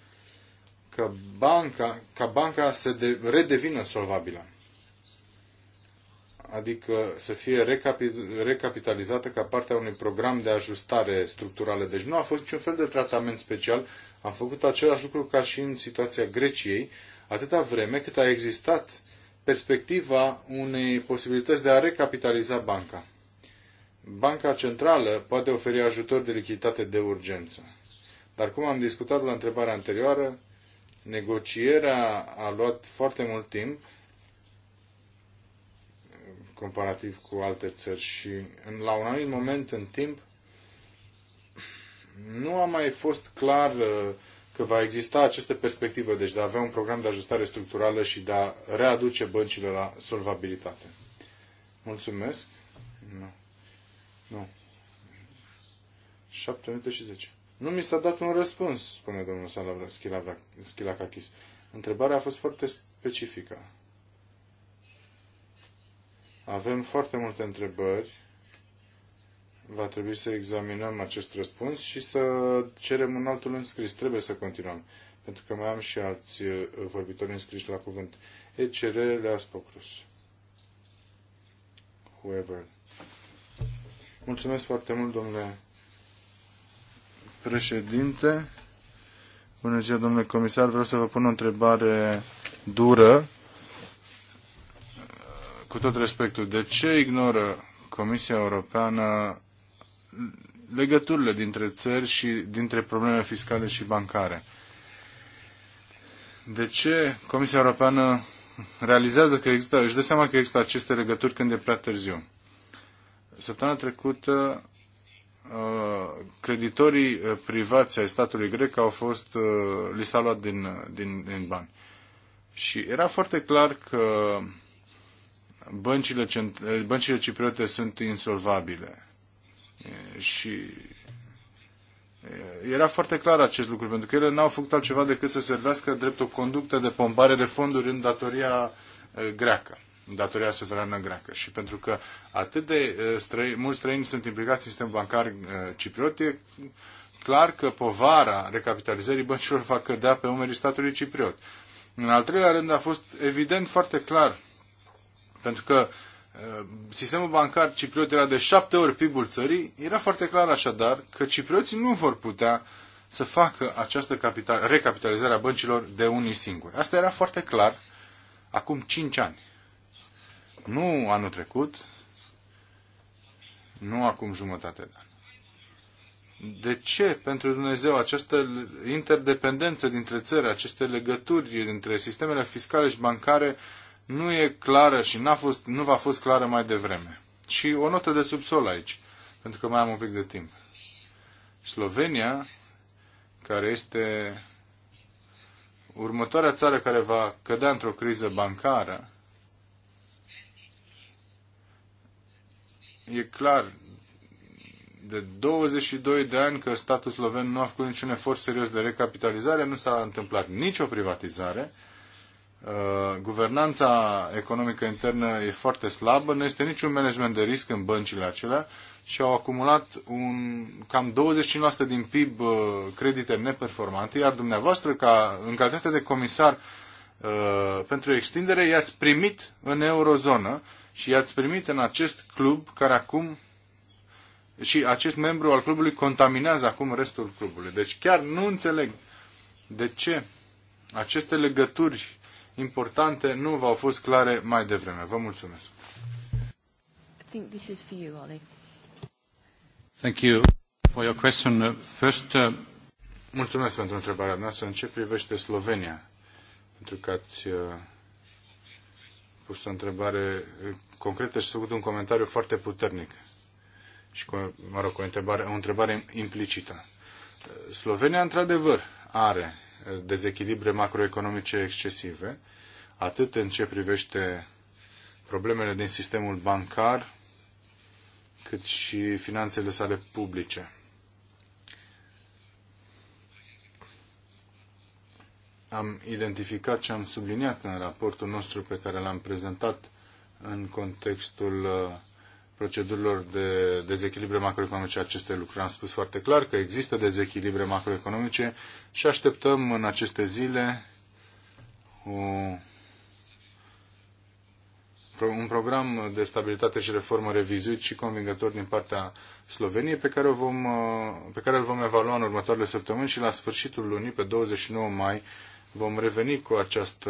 că banca, ca banca să de, redevină solvabilă adică să fie recapitalizată ca parte a unui program de ajustare structurală. Deci nu a fost niciun fel de tratament special, am făcut același lucru ca și în situația Greciei, atâta vreme cât a existat perspectiva unei posibilități de a recapitaliza banca. Banca centrală poate oferi ajutor de lichiditate de urgență. Dar cum am discutat la întrebarea anterioară, negocierea a luat foarte mult timp comparativ cu alte țări și la un anumit moment în timp nu a mai fost clar uh, că va exista această perspectivă, deci de a avea un program de ajustare structurală și de a readuce băncile la solvabilitate. Mulțumesc. Nu. Nu. 7 minute și 10. Nu mi s-a dat un răspuns, spune domnul Schilacachis. Întrebarea a fost foarte specifică. Avem foarte multe întrebări. Va trebui să examinăm acest răspuns și să cerem un altul înscris. Trebuie să continuăm, pentru că mai am și alți uh, vorbitori înscriși la cuvânt. ECR Leas Pocrus. Whoever. Mulțumesc foarte mult, domnule președinte. Bună ziua, domnule comisar. Vreau să vă pun o întrebare dură cu tot respectul, de ce ignoră Comisia Europeană legăturile dintre țări și dintre probleme fiscale și bancare? De ce Comisia Europeană realizează că există, își dă seama că există aceste legături când e prea târziu? Săptămâna trecută, uh, creditorii uh, privați ai statului grec au fost, uh, li s-a luat din, din, din bani. Și era foarte clar că băncile, cent- eh, băncile cipriote sunt insolvabile. Eh, și eh, era foarte clar acest lucru, pentru că ele n-au făcut altceva decât să servească drept o conductă de pompare de fonduri în datoria greacă, în datoria suverană greacă. Și pentru că atât de străi, mulți străini sunt implicați în sistemul bancar cipriot, e clar că povara recapitalizării băncilor va cădea pe umerii statului cipriot. În al treilea rând a fost evident foarte clar pentru că uh, sistemul bancar cipriot era de șapte ori PIB-ul țării, era foarte clar așadar că ciprioții nu vor putea să facă această capital, recapitalizare a băncilor de unii singuri. Asta era foarte clar acum cinci ani. Nu anul trecut, nu acum jumătate de an. De ce, pentru Dumnezeu, această interdependență dintre țări, aceste legături dintre sistemele fiscale și bancare nu e clară și n-a fost, nu va fost clară mai devreme. Și o notă de subsol aici, pentru că mai am un pic de timp. Slovenia, care este următoarea țară care va cădea într-o criză bancară, e clar de 22 de ani că statul sloven nu a făcut niciun efort serios de recapitalizare, nu s-a întâmplat nicio privatizare, Uh, guvernanța economică internă e foarte slabă, nu este niciun management de risc în băncile acelea și au acumulat un, cam 25% din PIB uh, credite neperformante, iar dumneavoastră, ca, în calitate de comisar uh, pentru extindere, i-ați primit în eurozonă și i-ați primit în acest club care acum și acest membru al clubului contaminează acum restul clubului. Deci chiar nu înțeleg de ce aceste legături importante nu v-au fost clare mai devreme. Vă mulțumesc. I think this is for you, Ollie. Thank you for your question. Uh, first, uh... Mulțumesc pentru întrebarea noastră. În ce privește Slovenia? Pentru că ați uh, pus o întrebare uh, concretă și făcut un comentariu foarte puternic. Și, cu, mă rog, o întrebare, o întrebare implicită. Slovenia, într-adevăr, are dezechilibre macroeconomice excesive, atât în ce privește problemele din sistemul bancar, cât și finanțele sale publice. Am identificat și am subliniat în raportul nostru pe care l-am prezentat în contextul uh, procedurilor de dezechilibre macroeconomice aceste lucruri. Am spus foarte clar că există dezechilibre macroeconomice și așteptăm în aceste zile un program de stabilitate și reformă revizuit și convingător din partea Sloveniei pe care, o vom, pe care îl vom evalua în următoarele săptămâni și la sfârșitul lunii, pe 29 mai, vom reveni cu această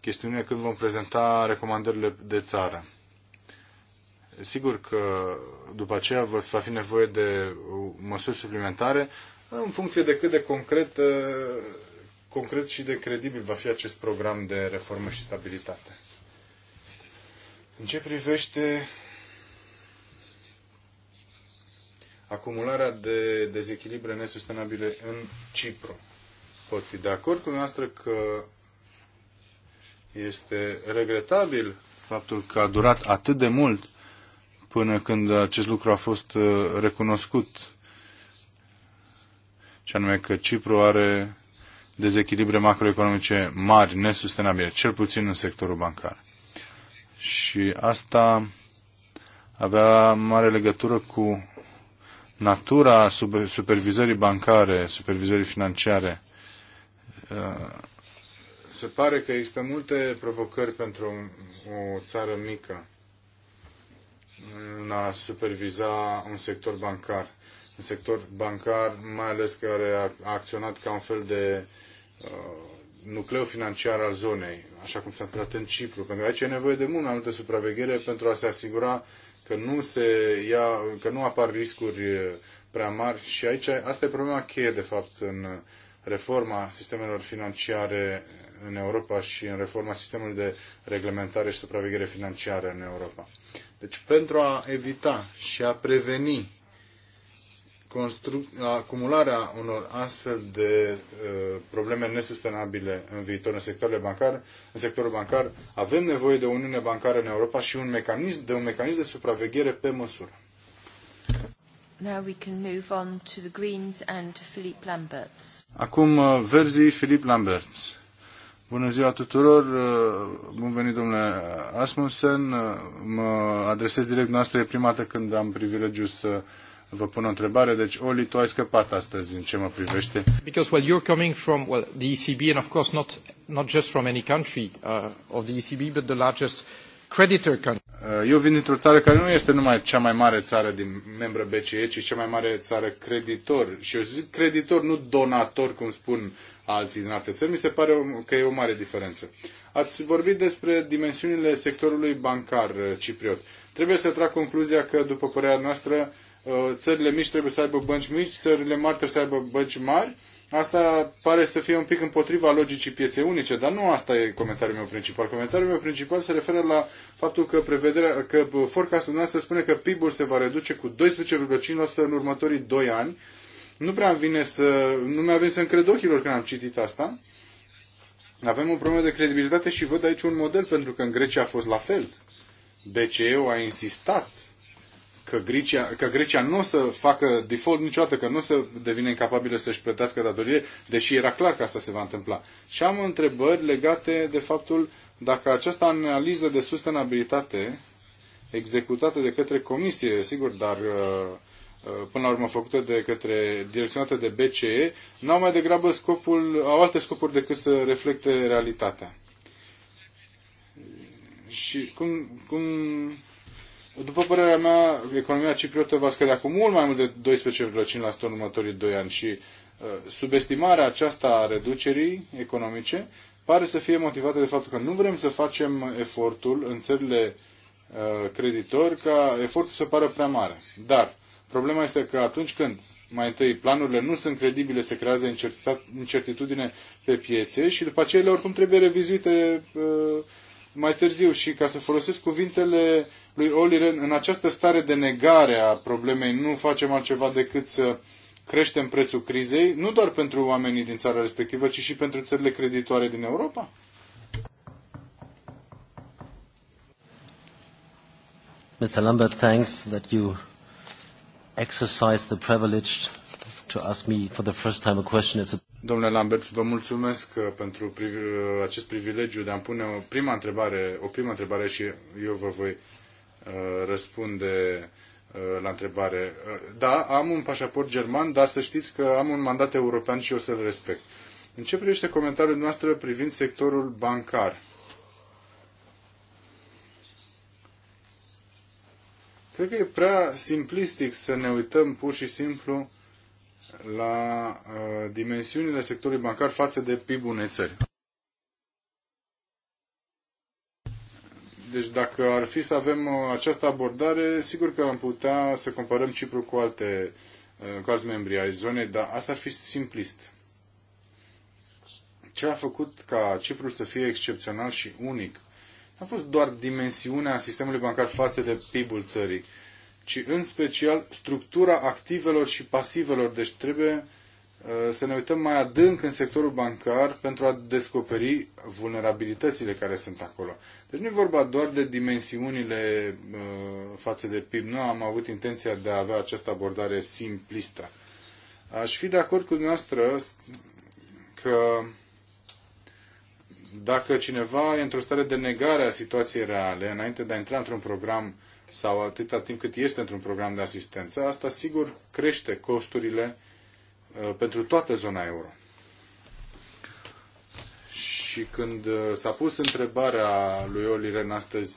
chestiune când vom prezenta recomandările de țară. Sigur că după aceea va fi nevoie de uh, măsuri suplimentare în funcție de cât de concret, uh, concret și de credibil va fi acest program de reformă și stabilitate. În ce privește acumularea de dezechilibre nesustenabile în Cipru. Pot fi de acord cu noastră că este regretabil faptul că a durat atât de mult până când acest lucru a fost uh, recunoscut, și anume că Cipru are dezechilibre macroeconomice mari, nesustenabile, cel puțin în sectorul bancar. Și asta avea mare legătură cu natura supervizării bancare, supervizării financiare. Uh, se pare că există multe provocări pentru o țară mică în a superviza un sector bancar. Un sector bancar, mai ales care a acționat ca un fel de uh, nucleu financiar al zonei, așa cum s-a întâmplat în Cipru. Pentru că aici e nevoie de mult mai multă supraveghere pentru a se asigura că nu, se ia, că nu apar riscuri uh, prea mari și aici asta e problema cheie, de fapt, în reforma sistemelor financiare în Europa și în reforma sistemului de reglementare și supraveghere financiară în Europa. Deci pentru a evita și a preveni acumularea unor astfel de uh, probleme nesustenabile în viitor în sectorul bancar, în sectorul bancar avem nevoie de o uniune bancară în Europa și un mecanism de un mecanism de supraveghere pe măsură. Now we can move on to the Greens and Philippe Lamberts. Acum uh, verzii Philippe Lamberts. Bună ziua tuturor! Uh, bun venit, domnule Asmussen! Uh, mă adresez direct noastră, e prima dată când am privilegiu să vă pun o întrebare. Deci, Oli, tu ai scăpat astăzi în ce mă privește. Because, well, you're coming from, well, the ECB and, of course, not, not just from any country uh, of the ECB, but the largest creditor country. Uh, eu vin dintr-o țară care nu este numai cea mai mare țară din membră BCE, ci cea mai mare țară creditor. Și eu zic creditor, nu donator, cum spun alții din alte țări. Mi se pare că e o mare diferență. Ați vorbit despre dimensiunile sectorului bancar uh, cipriot. Trebuie să trag concluzia că, după părerea noastră, uh, țările mici trebuie să aibă bănci mici, țările mari trebuie să aibă bănci mari. Asta pare să fie un pic împotriva logicii pieței unice, dar nu asta e comentariul meu principal. Comentariul meu principal se referă la faptul că, prevederea, că forecastul noastră spune că PIB-ul se va reduce cu 12,5% în următorii 2 ani, nu prea vine să, nu mi-a venit să încred ochilor când am citit asta. Avem o problemă de credibilitate și văd aici un model, pentru că în Grecia a fost la fel. ce eu a insistat că Grecia, că Grecia nu o să facă default niciodată, că nu o să devină incapabilă să-și plătească datorie, deși era clar că asta se va întâmpla. Și am întrebări legate de faptul dacă această analiză de sustenabilitate executată de către comisie, sigur, dar uh, Uh, până la urmă făcută de către direcționată de BCE, n-au mai degrabă scopul, au alte scopuri decât să reflecte realitatea. Și cum, cum după părerea mea, economia cipriotă va scădea cu mult mai mult de 12,5% în următorii 2 ani și uh, subestimarea aceasta a reducerii economice pare să fie motivată de faptul că nu vrem să facem efortul în țările uh, creditori ca efortul să pară prea mare. Dar Problema este că atunci când mai întâi planurile nu sunt credibile, se creează incertitudine pe piețe și după aceea ele oricum trebuie revizuite uh, mai târziu și ca să folosesc cuvintele lui Oliren, în această stare de negare a problemei nu facem altceva decât să creștem prețul crizei, nu doar pentru oamenii din țara respectivă, ci și pentru țările creditoare din Europa? Mr. Lambert, thanks that you exercise the privilege to ask me for the first time a question. It's a... Domnule Lambert, vă mulțumesc uh, pentru priv... Uh, acest privilegiu de a-mi pune o prima întrebare, o prima întrebare și eu vă voi uh, răspunde uh, la întrebare. Da, am un pașaport german, dar să știți că am un mandat european și o să-l respect. În ce privește comentariul noastră privind sectorul bancar? Cred că e prea simplistic să ne uităm pur și simplu la uh, dimensiunile sectorului bancar față de PIB-ul unei țări. Deci dacă ar fi să avem uh, această abordare, sigur că am putea să comparăm Cipru cu alte, uh, cu alți membri ai zonei, dar asta ar fi simplist. Ce a făcut ca Cipru să fie excepțional și unic a fost doar dimensiunea sistemului bancar față de PIB-ul țării, ci în special structura activelor și pasivelor. Deci trebuie uh, să ne uităm mai adânc în sectorul bancar pentru a descoperi vulnerabilitățile care sunt acolo. Deci nu e vorba doar de dimensiunile uh, față de PIB. Nu am avut intenția de a avea această abordare simplistă. Aș fi de acord cu dumneavoastră că dacă cineva e într-o stare de negare a situației reale, înainte de a intra într-un program sau atâta timp cât este într-un program de asistență, asta sigur crește costurile uh, pentru toată zona euro. Și când uh, s-a pus întrebarea lui Ren astăzi,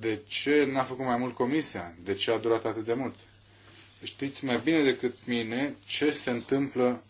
de ce n-a făcut mai mult comisia? De ce a durat atât de mult? Știți mai bine decât mine ce se întâmplă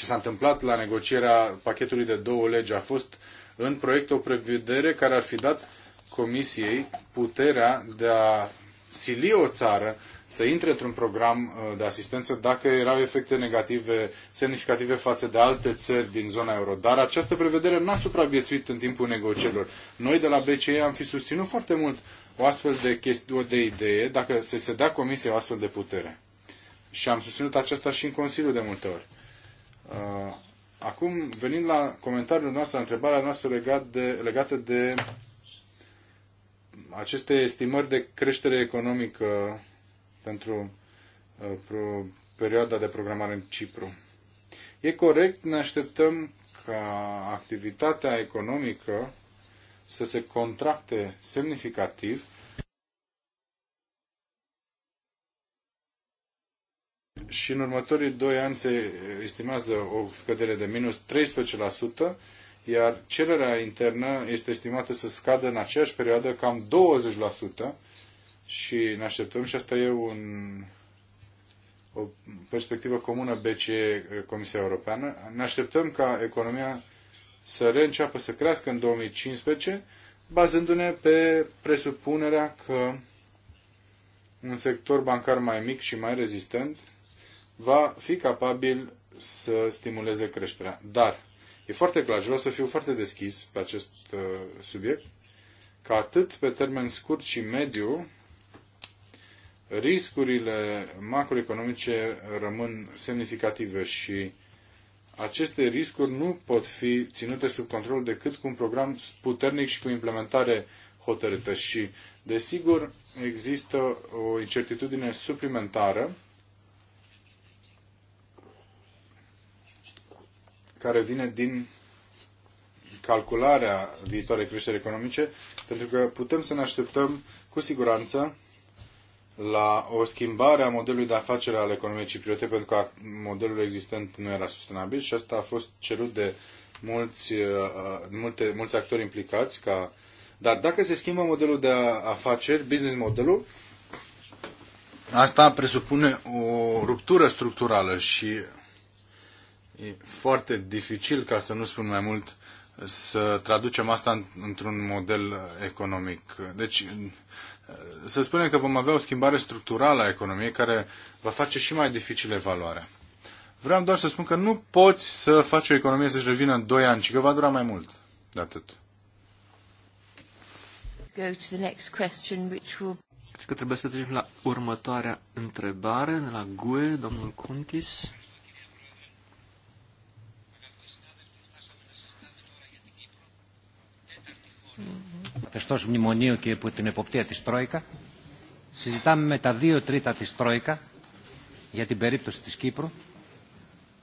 ce s-a întâmplat la negocierea pachetului de două legi a fost în proiect o prevedere care ar fi dat Comisiei puterea de a sili o țară să intre într-un program uh, de asistență dacă erau efecte negative semnificative față de alte țări din zona euro. Dar această prevedere n-a supraviețuit în timpul negocierilor. Noi de la BCE am fi susținut foarte mult o astfel de, chesti- de idee dacă se se dea Comisiei o astfel de putere. Și am susținut aceasta și în Consiliu de multe ori. Uh, acum, venind la comentariul noastră, la întrebarea noastră legat de, legată de aceste estimări de creștere economică pentru, uh, perioada de programare în Cipru. E corect, ne așteptăm ca activitatea economică să se contracte semnificativ și în următorii doi ani se estimează o scădere de minus 13%, iar cererea internă este estimată să scadă în aceeași perioadă cam 20% și ne așteptăm și asta e un, o perspectivă comună BCE Comisia Europeană. Ne așteptăm ca economia să reînceapă să crească în 2015, bazându-ne pe presupunerea că un sector bancar mai mic și mai rezistent va fi capabil să stimuleze creșterea. Dar e foarte clar și vreau să fiu foarte deschis pe acest uh, subiect, că atât pe termen scurt și mediu, riscurile macroeconomice rămân semnificative și aceste riscuri nu pot fi ținute sub control decât cu un program puternic și cu implementare hotărâtă. Și, desigur, există o incertitudine suplimentară care vine din calcularea viitoarei creșteri economice, pentru că putem să ne așteptăm cu siguranță la o schimbare a modelului de afacere al economiei cipriote, pentru că modelul existent nu era sustenabil și asta a fost cerut de mulți, uh, uh, multe, mulți actori implicați. Ca... Dar dacă se schimbă modelul de afaceri, business modelul, asta presupune o ruptură structurală și E foarte dificil, ca să nu spun mai mult, să traducem asta într-un model economic. Deci, să spunem că vom avea o schimbare structurală a economiei care va face și mai dificil evaluarea. Vreau doar să spun că nu poți să faci o economie să-și revină în 2 ani, ci că va dura mai mult de atât. Go to the next question, which will... Cred că trebuie să trecem la următoarea întrebare de la GUE, domnul Cuntis. καθεστώς μνημονίου και υπό την εποπτεία της Τρόικα. Συζητάμε με τα δύο τρίτα της Τρόικα για την περίπτωση της Κύπρου.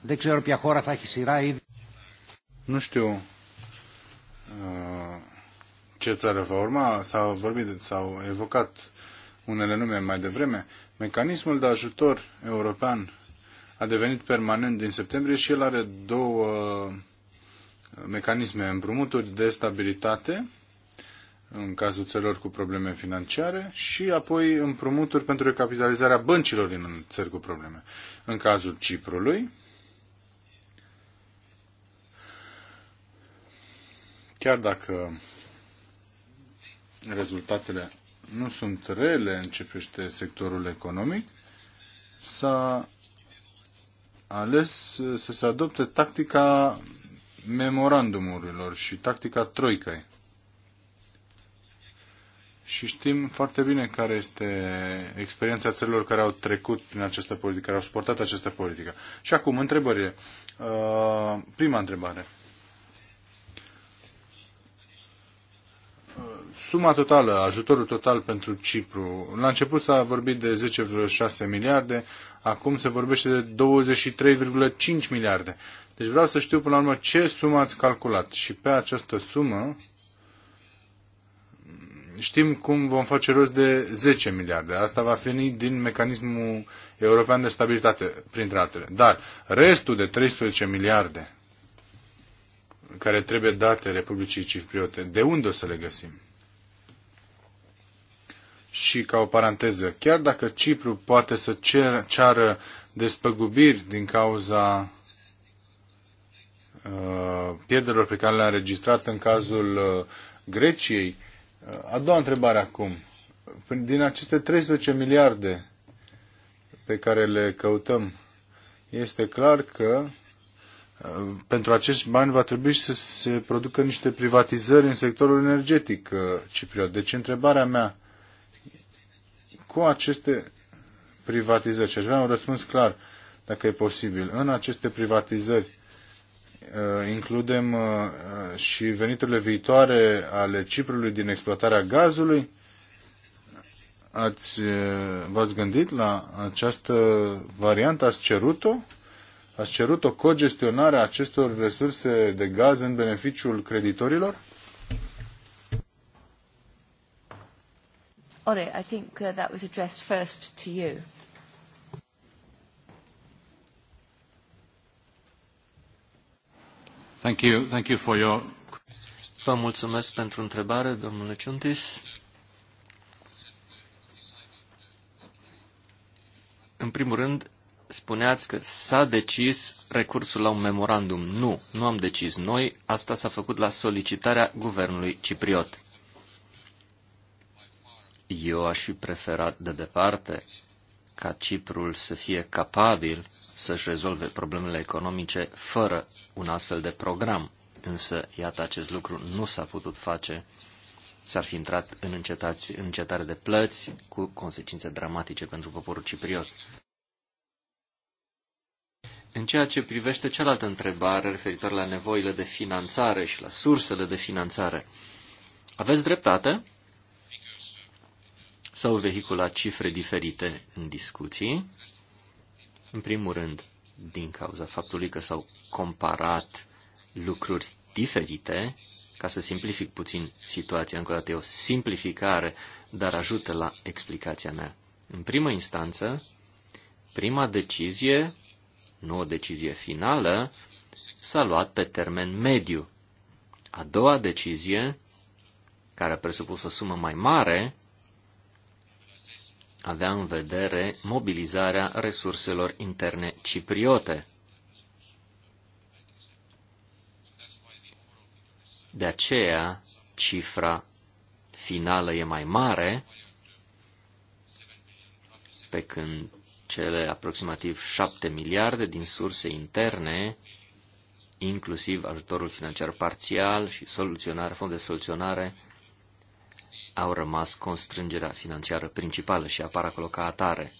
Δεν ξέρω ποια χώρα θα έχει σειρά ήδη. Nu știu ce țară va urma. S-au vorbit, s-au evocat unele nume mai devreme. Mecanismul de ajutor european a devenit permanent din septembrie și el are două uh, mecanisme, împrumuturi de stabilitate în cazul țărilor cu probleme financiare și apoi împrumuturi pentru recapitalizarea băncilor din țări cu probleme. În cazul Ciprului, chiar dacă rezultatele nu sunt rele în ce privește sectorul economic, s-a ales să se adopte tactica memorandumurilor și tactica troicăi și știm foarte bine care este experiența țărilor care au trecut prin această politică, care au suportat această politică. Și acum, întrebările. Uh, prima întrebare. Uh, suma totală, ajutorul total pentru Cipru, la început s-a vorbit de 10,6 miliarde, acum se vorbește de 23,5 miliarde. Deci vreau să știu până la urmă ce sumă ați calculat și pe această sumă știm cum vom face rost de 10 miliarde. Asta va veni din mecanismul european de stabilitate, printre altele. Dar restul de 13 miliarde care trebuie date Republicii Cipriote, de unde o să le găsim? Și ca o paranteză, chiar dacă Cipru poate să cer, ceară despăgubiri din cauza uh, pierderilor pe care le-a înregistrat în cazul uh, Greciei, a doua întrebare acum. Din aceste 13 miliarde pe care le căutăm, este clar că uh, pentru acești bani va trebui să se producă niște privatizări în sectorul energetic, uh, Cipriot. Deci întrebarea mea, cu aceste privatizări, și aș vrea un răspuns clar, dacă e posibil, în aceste privatizări, Uh, includem uh, uh, și veniturile viitoare ale Ciprului din exploatarea gazului? Ați, v-ați gândit la această variantă? Ați cerut-o? Ați cerut o cogestionare a acestor resurse de gaz în beneficiul creditorilor? Ore, I think that was addressed first to you. Vă mulțumesc pentru întrebare, domnule Ciuntis. În primul rând, spuneați că s-a decis recursul la un memorandum. Nu, nu am decis noi, asta s-a făcut la solicitarea guvernului cipriot. Eu aș fi preferat de departe ca Ciprul să fie capabil să-și rezolve problemele economice fără un astfel de program. Însă, iată, acest lucru nu s-a putut face. S-ar fi intrat în, încetați, în încetare de plăți cu consecințe dramatice pentru poporul cipriot. În ceea ce privește cealaltă întrebare referitor la nevoile de finanțare și la sursele de finanțare, aveți dreptate? S-au vehiculat cifre diferite în discuții. În primul rând, din cauza faptului că s-au comparat lucruri diferite, ca să simplific puțin situația, încă o dată e o simplificare, dar ajută la explicația mea. În primă instanță, prima decizie, nu o decizie finală, s-a luat pe termen mediu. A doua decizie, care a presupus o sumă mai mare, avea în vedere mobilizarea resurselor interne cipriote. De aceea, cifra finală e mai mare, pe când cele aproximativ 7 miliarde din surse interne, inclusiv ajutorul financiar parțial și soluționare, fond de soluționare, au rămas constrângerea financiară principală și apar acolo ca atare.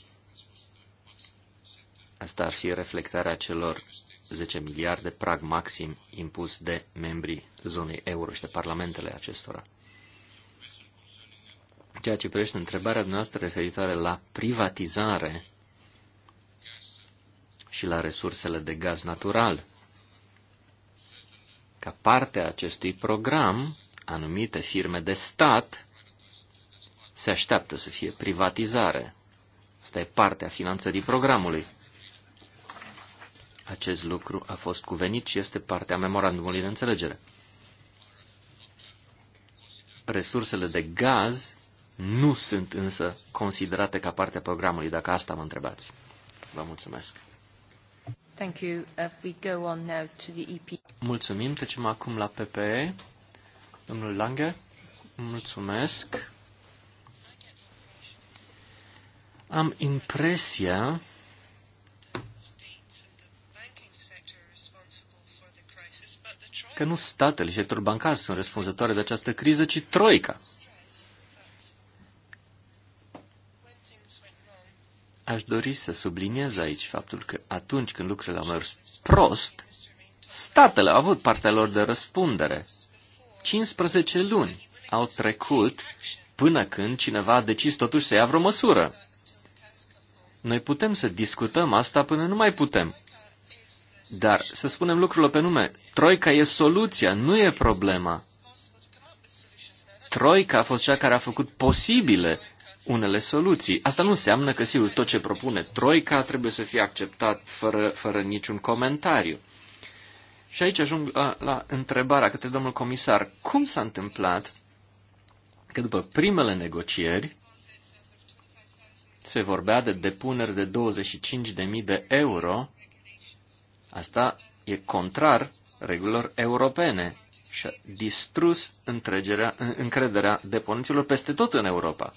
Asta ar fi reflectarea celor 10 miliarde prag maxim impus de membrii zonei euro și de parlamentele acestora. Ceea ce privește întrebarea noastră referitoare la privatizare și la resursele de gaz natural. Ca parte a acestui program, anumite firme de stat se așteaptă să fie privatizare. Asta e partea finanțării programului. Acest lucru a fost cuvenit și este partea memorandumului de înțelegere. Resursele de gaz nu sunt însă considerate ca parte a programului, dacă asta mă întrebați. Vă mulțumesc. Thank you. If we go on now to the EP. Mulțumim. Trecem acum la PPE. Domnul Lange, mulțumesc. Am impresia că nu statele și sectorul bancar sunt răspunzătoare de această criză, ci troica. Aș dori să subliniez aici faptul că atunci când lucrurile au mers prost, statele au avut partea lor de răspundere. 15 luni au trecut până când cineva a decis totuși să ia vreo măsură. Noi putem să discutăm asta până nu mai putem. Dar să spunem lucrurile pe nume. Troica e soluția, nu e problema. Troica a fost cea care a făcut posibile unele soluții. Asta nu înseamnă că, sigur, tot ce propune Troica trebuie să fie acceptat fără, fără niciun comentariu. Și aici ajung la, la întrebarea către domnul comisar. Cum s-a întâmplat că după primele negocieri se vorbea de depuneri de 25.000 de euro. Asta e contrar regulilor europene și a distrus întregerea, încrederea deponenților peste tot în Europa.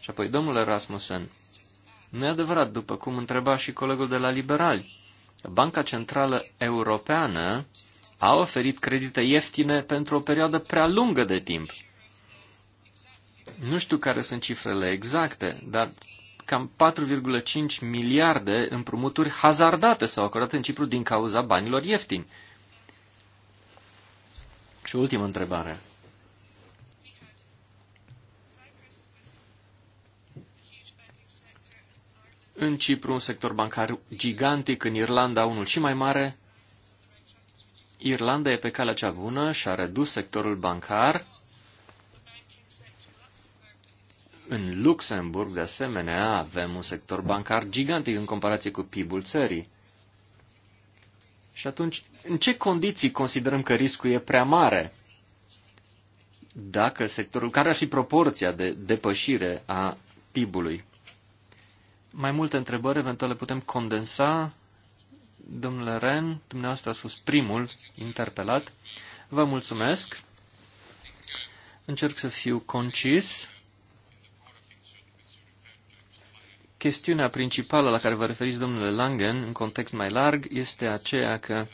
Și apoi, domnule Rasmussen, nu e adevărat, după cum întreba și colegul de la Liberali, Banca Centrală Europeană a oferit credite ieftine pentru o perioadă prea lungă de timp. Nu știu care sunt cifrele exacte, dar cam 4,5 miliarde împrumuturi hazardate s-au acordat în Cipru din cauza banilor ieftini. Și ultima întrebare. În Cipru un sector bancar gigantic, în Irlanda unul și mai mare. Irlanda e pe calea cea bună și a redus sectorul bancar În Luxemburg, de asemenea, avem un sector bancar gigantic în comparație cu PIB-ul țării. Și atunci, în ce condiții considerăm că riscul e prea mare? Dacă sectorul, care ar fi proporția de depășire a PIB-ului? Mai multe întrebări, eventual le putem condensa. Domnule Ren, dumneavoastră a fost primul interpelat. Vă mulțumesc. Încerc să fiu concis. Chestiunea principală la care vă referiți, domnule Langen, în context mai larg, este aceea că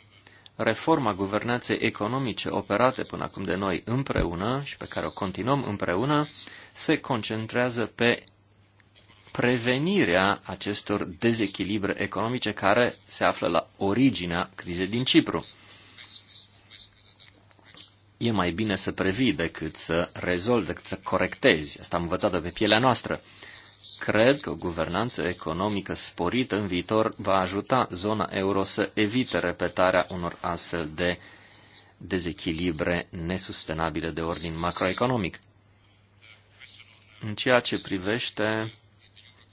reforma guvernanței economice operate până acum de noi împreună și pe care o continuăm împreună se concentrează pe prevenirea acestor dezechilibre economice care se află la originea crizei din Cipru. E mai bine să previi decât să rezolvi, decât să corectezi. Asta am învățat o pe pielea noastră. Cred că o guvernanță economică sporită în viitor va ajuta zona euro să evite repetarea unor astfel de dezechilibre nesustenabile de ordin macroeconomic. În ceea ce privește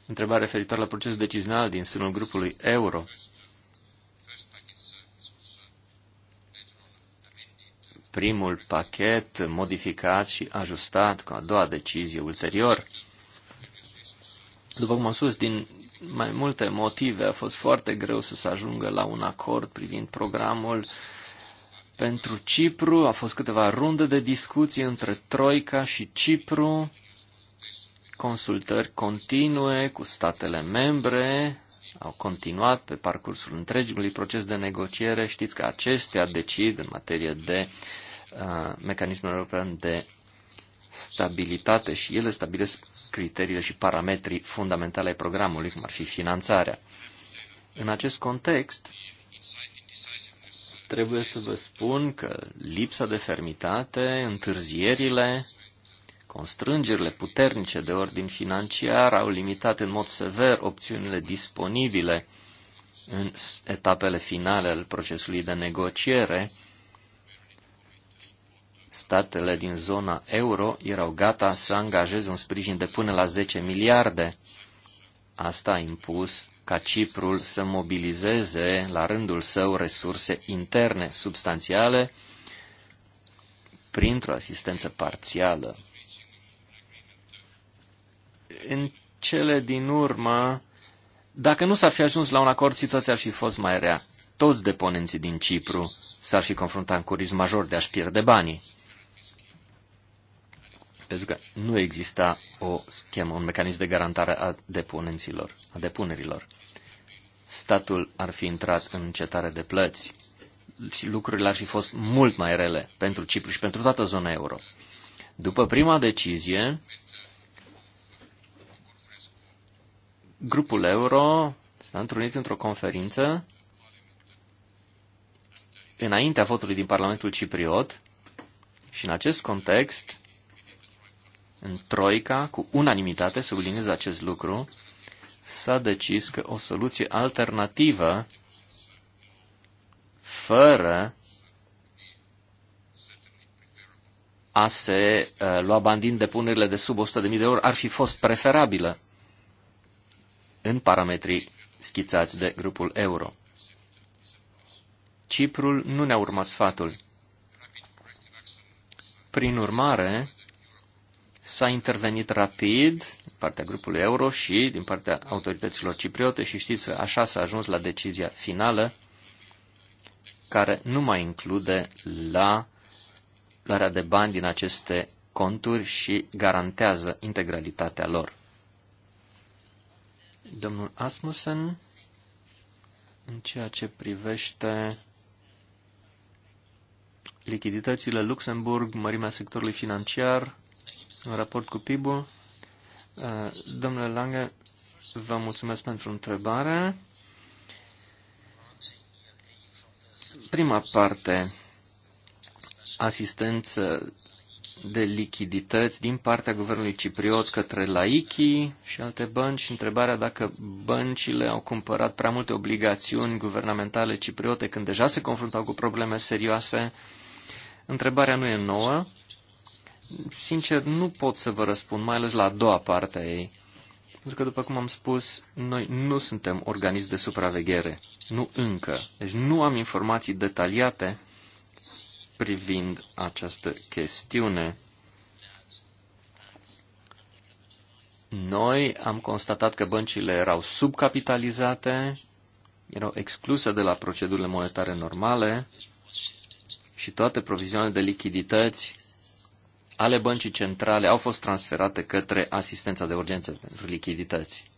întrebarea referitoare la procesul decizional din sânul grupului euro, primul pachet modificat și ajustat cu a doua decizie ulterior după cum am spus, din mai multe motive a fost foarte greu să se ajungă la un acord privind programul pentru Cipru. A fost câteva runde de discuții între Troica și Cipru, consultări continue cu statele membre, au continuat pe parcursul întregului proces de negociere. Știți că acestea decid în materie de uh, mecanismul european de stabilitate și ele stabilesc criteriile și parametrii fundamentale ai programului, cum ar fi finanțarea. În acest context, trebuie să vă spun că lipsa de fermitate, întârzierile, constrângerile puternice de ordin financiar au limitat în mod sever opțiunile disponibile în etapele finale ale procesului de negociere statele din zona euro erau gata să angajeze un sprijin de până la 10 miliarde. Asta a impus ca Ciprul să mobilizeze la rândul său resurse interne substanțiale printr-o asistență parțială. În cele din urmă, dacă nu s-ar fi ajuns la un acord, situația ar fi fost mai rea. Toți deponenții din Cipru s-ar fi confruntat cu risc major de a-și pierde banii pentru că nu exista o schemă, un mecanism de garantare a deponenților, a depunerilor. Statul ar fi intrat în încetare de plăți și lucrurile ar fi fost mult mai rele pentru Cipru și pentru toată zona euro. După prima decizie, grupul euro s-a întrunit într-o conferință înaintea votului din Parlamentul Cipriot și în acest context în Troica, cu unanimitate, subliniez acest lucru, s-a decis că o soluție alternativă, fără a se uh, lua bani din depunerile de sub 100.000 de euro, ar fi fost preferabilă în parametrii schițați de grupul euro. Ciprul nu ne-a urmat sfatul. Prin urmare, S-a intervenit rapid din partea grupului euro și din partea autorităților cipriote și știți, așa s-a ajuns la decizia finală care nu mai include la luarea de bani din aceste conturi și garantează integralitatea lor. Domnul Asmussen, în ceea ce privește lichiditățile Luxemburg, mărimea sectorului financiar, în raport cu PIB-ul. Uh, domnule Lange, vă mulțumesc pentru întrebare. Prima parte, asistență de lichidități din partea guvernului cipriot către laiki și alte bănci. Întrebarea dacă băncile au cumpărat prea multe obligațiuni guvernamentale cipriote când deja se confruntau cu probleme serioase. Întrebarea nu e nouă sincer, nu pot să vă răspund, mai ales la a doua parte a ei. Pentru că, după cum am spus, noi nu suntem organism de supraveghere. Nu încă. Deci nu am informații detaliate privind această chestiune. Noi am constatat că băncile erau subcapitalizate, erau excluse de la procedurile monetare normale și toate provizioanele de lichidități ale băncii centrale au fost transferate către asistența de urgență pentru lichidități.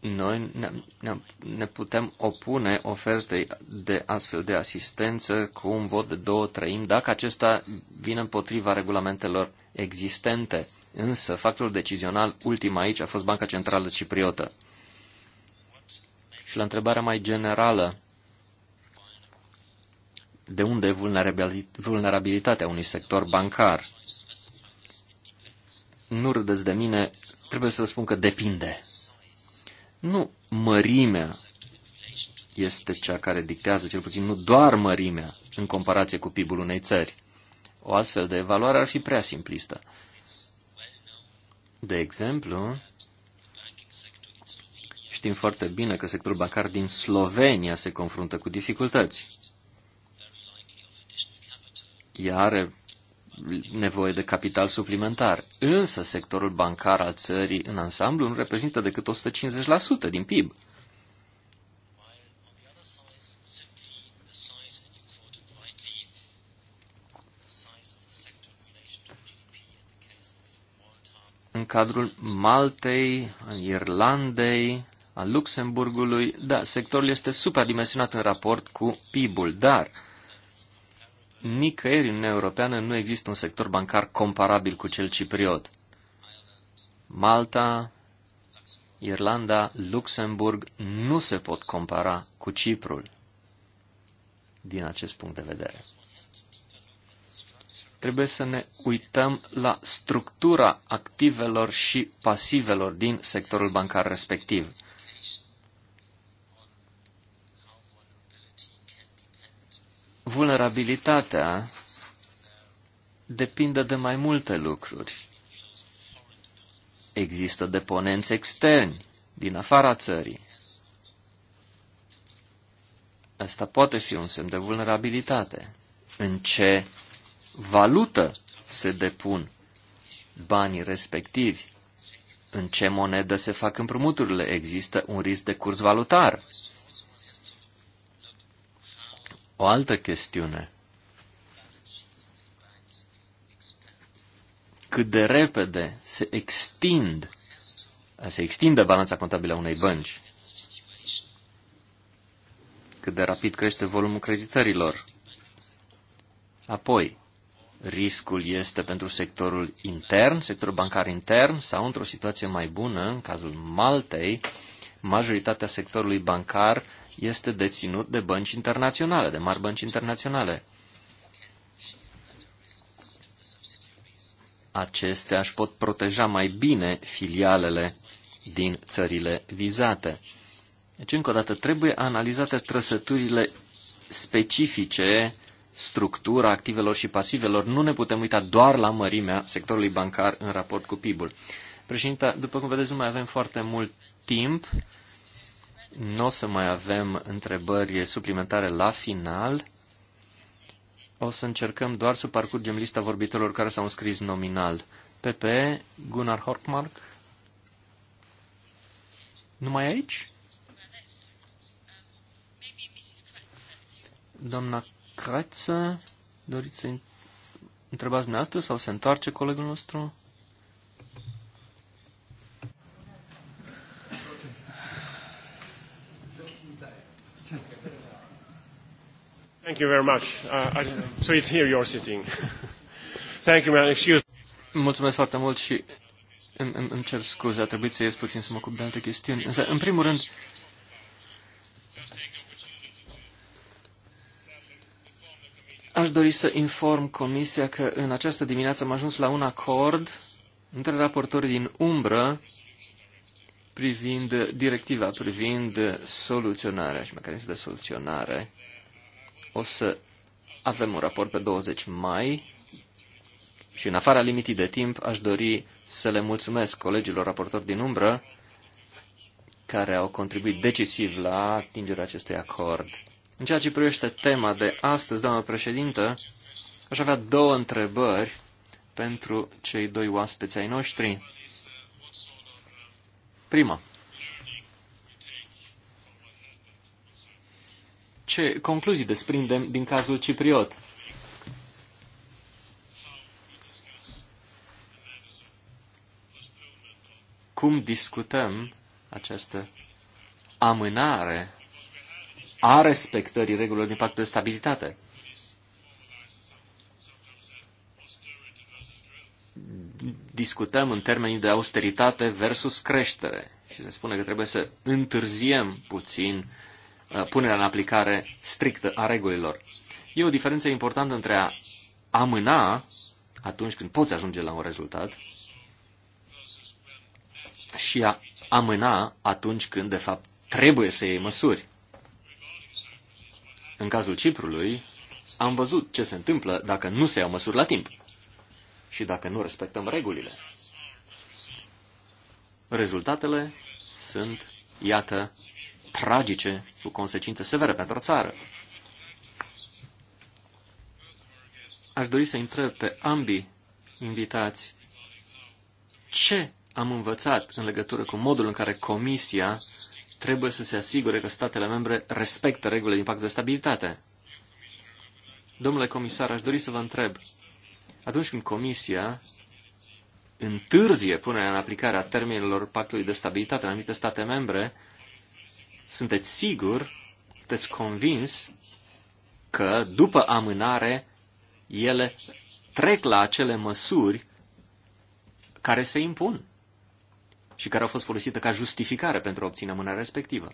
Noi ne, ne, ne putem opune ofertei de astfel de asistență cu un vot de două treimi dacă acesta vine împotriva regulamentelor existente. Însă, factorul decizional ultim aici a fost Banca Centrală Cipriotă. Și la întrebarea mai generală, de unde e vulnerabilitatea unui sector bancar. Nu râdeți de mine, trebuie să vă spun că depinde. Nu mărimea este cea care dictează, cel puțin nu doar mărimea, în comparație cu PIB-ul unei țări. O astfel de evaluare ar fi prea simplistă. De exemplu, știm foarte bine că sectorul bancar din Slovenia se confruntă cu dificultăți ea are nevoie de capital suplimentar. Însă sectorul bancar al țării în ansamblu nu reprezintă decât 150% din PIB. În cadrul Maltei, al Irlandei, al Luxemburgului, da, sectorul este supradimensionat în raport cu PIB-ul, dar uh, nicăieri în Uniunea Europeană nu există un sector bancar comparabil cu cel cipriot. Malta, Irlanda, Luxemburg nu se pot compara cu Ciprul din acest punct de vedere. Trebuie să ne uităm la structura activelor și pasivelor din sectorul bancar respectiv. vulnerabilitatea depinde de mai multe lucruri. Există deponenți externi din afara țării. Asta poate fi un semn de vulnerabilitate. În ce valută se depun banii respectivi? În ce monedă se fac împrumuturile? Există un risc de curs valutar. O altă chestiune. Cât de repede se extind, se extinde balanța contabilă a unei bănci. Cât de rapid crește volumul creditărilor. Apoi, riscul este pentru sectorul intern, sectorul bancar intern sau într-o situație mai bună, în cazul Maltei, majoritatea sectorului bancar este deținut de bănci internaționale, de mari bănci internaționale. Acestea își pot proteja mai bine filialele din țările vizate. Deci, încă o dată, trebuie analizate trăsăturile specifice, structura activelor și pasivelor. Nu ne putem uita doar la mărimea sectorului bancar în raport cu PIB-ul. Președinte, după cum vedeți, nu mai avem foarte mult timp. Nu o să mai avem întrebări suplimentare la final. O să încercăm doar să parcurgem lista vorbitorilor care s-au înscris nominal. PP, Gunnar Horkmark. Numai aici? Doamna Creță, doriți să întrebați dumneavoastră sau se întoarce colegul nostru? Thank you very much. Uh, I, so it's here you're sitting. Thank you, man. Excuse Mulțumesc foarte mult și îmi, îmi, îmi cer scuze, a trebuit să ies puțin să mă ocup de alte chestiuni. Însă, în primul rând, aș dori să inform Comisia că în această dimineață am ajuns la un acord între raportorii din umbră privind directiva, privind soluționarea și mecanismul de soluționare o să avem un raport pe 20 mai și în afara limitii de timp aș dori să le mulțumesc colegilor raportori din umbră care au contribuit decisiv la atingerea acestui acord. În ceea ce privește tema de astăzi, doamnă președintă, aș avea două întrebări pentru cei doi oaspeți ai noștri. Prima. ce concluzii desprindem din cazul cipriot. Cum discutăm această amânare a respectării regulilor din pactul de stabilitate? discutăm în termenii de austeritate versus creștere. Și se spune că trebuie să întârziem puțin Uh, punerea în aplicare strictă a regulilor. E o diferență importantă între a amâna atunci când poți ajunge la un rezultat și a amâna atunci când, de fapt, trebuie să iei măsuri. În cazul Ciprului, am văzut ce se întâmplă dacă nu se iau măsuri la timp și dacă nu respectăm regulile. Rezultatele sunt, iată, tragice, cu consecințe severe pentru o țară. Aș dori să întreb pe ambii invitați ce am învățat în legătură cu modul în care Comisia trebuie să se asigure că statele membre respectă regulile din pactul de stabilitate. Domnule comisar, aș dori să vă întreb, atunci când Comisia întârzie punerea în aplicare a termenilor pactului de stabilitate în anumite state membre, sunteți sigur, sunteți convins că după amânare ele trec la acele măsuri care se impun și care au fost folosite ca justificare pentru a obține mâna respectivă.